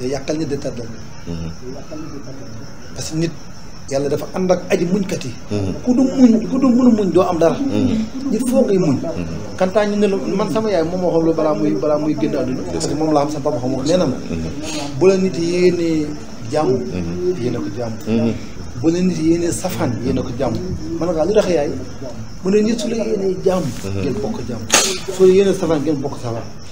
day yàqal nit de tàddal parce que nit yàlla dafa ànd ak aji muñkat yi ku du muñ ku du munu muñ doo am dara nit foo ngay muñ kantaa ñu ne la man sama yaay moom moo xam lu balaa muy balaa muy génn àdduna moom la xam sa papa xamoo nee na ma bu la nit yéenee jàmm mm-hmm. yéene ko jàmm mm-hmm. bu ne nit yéenee safaan yéene ko jàmm ma ngaa lu tax yaay mu ne nit su la yéenee jàmm mm-hmm. ngeen bokk jàmm su la yéenee safaan ngeen bokk safaan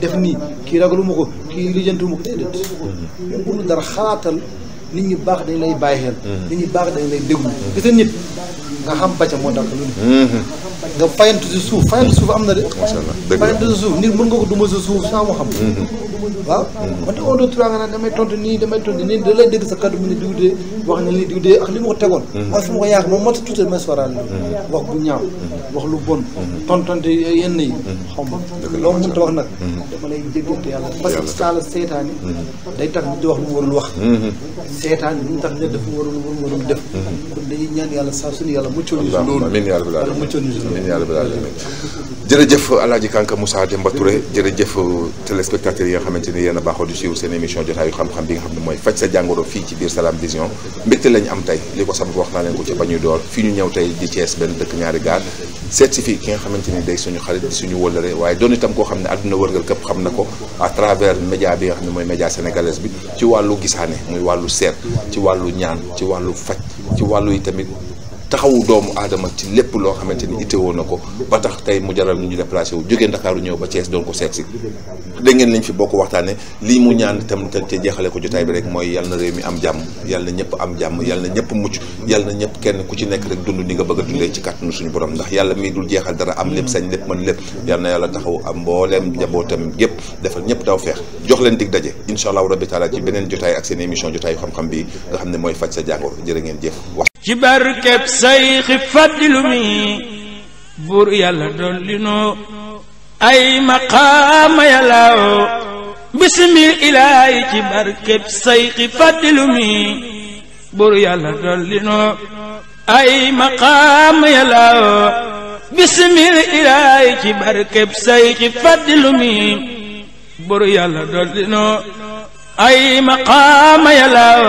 def nii kii ragaluma ko kii lijjantuma ko déedéet même bu dul dara xalaatal nit ñu baax dañ lay bàyyi xel mm-hmm. nit ñu baax dañ lay déglu gis nit nga xam bàcc moo dàq lu mhm. nga fayantu si suuf fayantu suuf am na de. macha allah dëgg la fayantu si suuf nit mën nga ko duma si suuf saa mu xam. Mhm. waaw. wante mhm. on dirait nga naan damay tontu nii nii da lay sa kàddu mu ne diw dee wax na lii diw ak li ma ko tegoon. ak su ma ko yaakaar moom moo tax tuuti mes waral wax bu ñaaw. wax lu bon. tontonte yenn yi. xaw ma loo mënut a wax nag. dama lay jéggante yàlla parce que saala seetaan day tax nit di wax lu mu warul wax. seetaan mu tax nit dafa dañuy ñaan yàlla saa suñu yàlla muccoon ñu si loolu amiin yaa rabbal aalamiin amiin yaa rabbal aalamiin jërëjëf Alaaji Kanka Moussa Demba Touré jërëjëf téléspectateurs yi nga xamante ni yéen a baaxoo di suivre seen émission jotaayu xam-xam bi nga xam ne mooy faj sa jàngoro fii ci biir Salam Vision mbégte lañ am tey li ko sabab wax naa leen ko ci ba ñuy door fii ñu ñëw tey di Thiès benn dëkk ñaari gaar seet si fii ki nga xamante ni day suñu xarit di suñu wëllëre waaye doon itam koo xam ne àdduna wërngal këpp xam na ko à travers média bi nga xam ne mooy média sénégalaise bi ci wàllu gisaane muy wàllu seet ci wàllu ñaan ci wàllu faj ci wàllu yi tamit taxawu doomu aadama ci lépp loo xamante ni itteewoo na ko ba tax tey mu jaral ñu ñu déplacé wu jógee Ndakaaru ñëw ba Thiès doon ko seet si dégg ngeen lañ fi bokk waxtaane lii mu ñaan itam te jeexale ko jotaay bi rek mooy yal na réew mi am jàmm yal na ñëpp am jàmm yal na ñëpp mucc yal na ñëpp kenn ku ci nekk rek dund ni nga bëgg a dundee ci kàttanu suñu borom ndax yàlla mii dul jeexal dara am lépp sañ lépp mën lépp yal na yàlla taxaw am mbooleem njabootam gépp defal ñëpp taw feex jox leen dig daje incha allahu rabbi taala ci beneen jotaay ak seen émission jotaayu xam-xam bi nga xam ne mooy faj sa jàngoro jërë ngeen jëf wax ci barkeb say xi fàddilu mi buur yàlla doon li noo ay maqaama yàllaaw bisimil ilaahi ci barkeb say xi fàddilu mi buur ay maqaam yàllaw bisimil ilaay ci barkeb say ci fàddilu mi boru yàlla dool dinoo ay maqaam yàllaw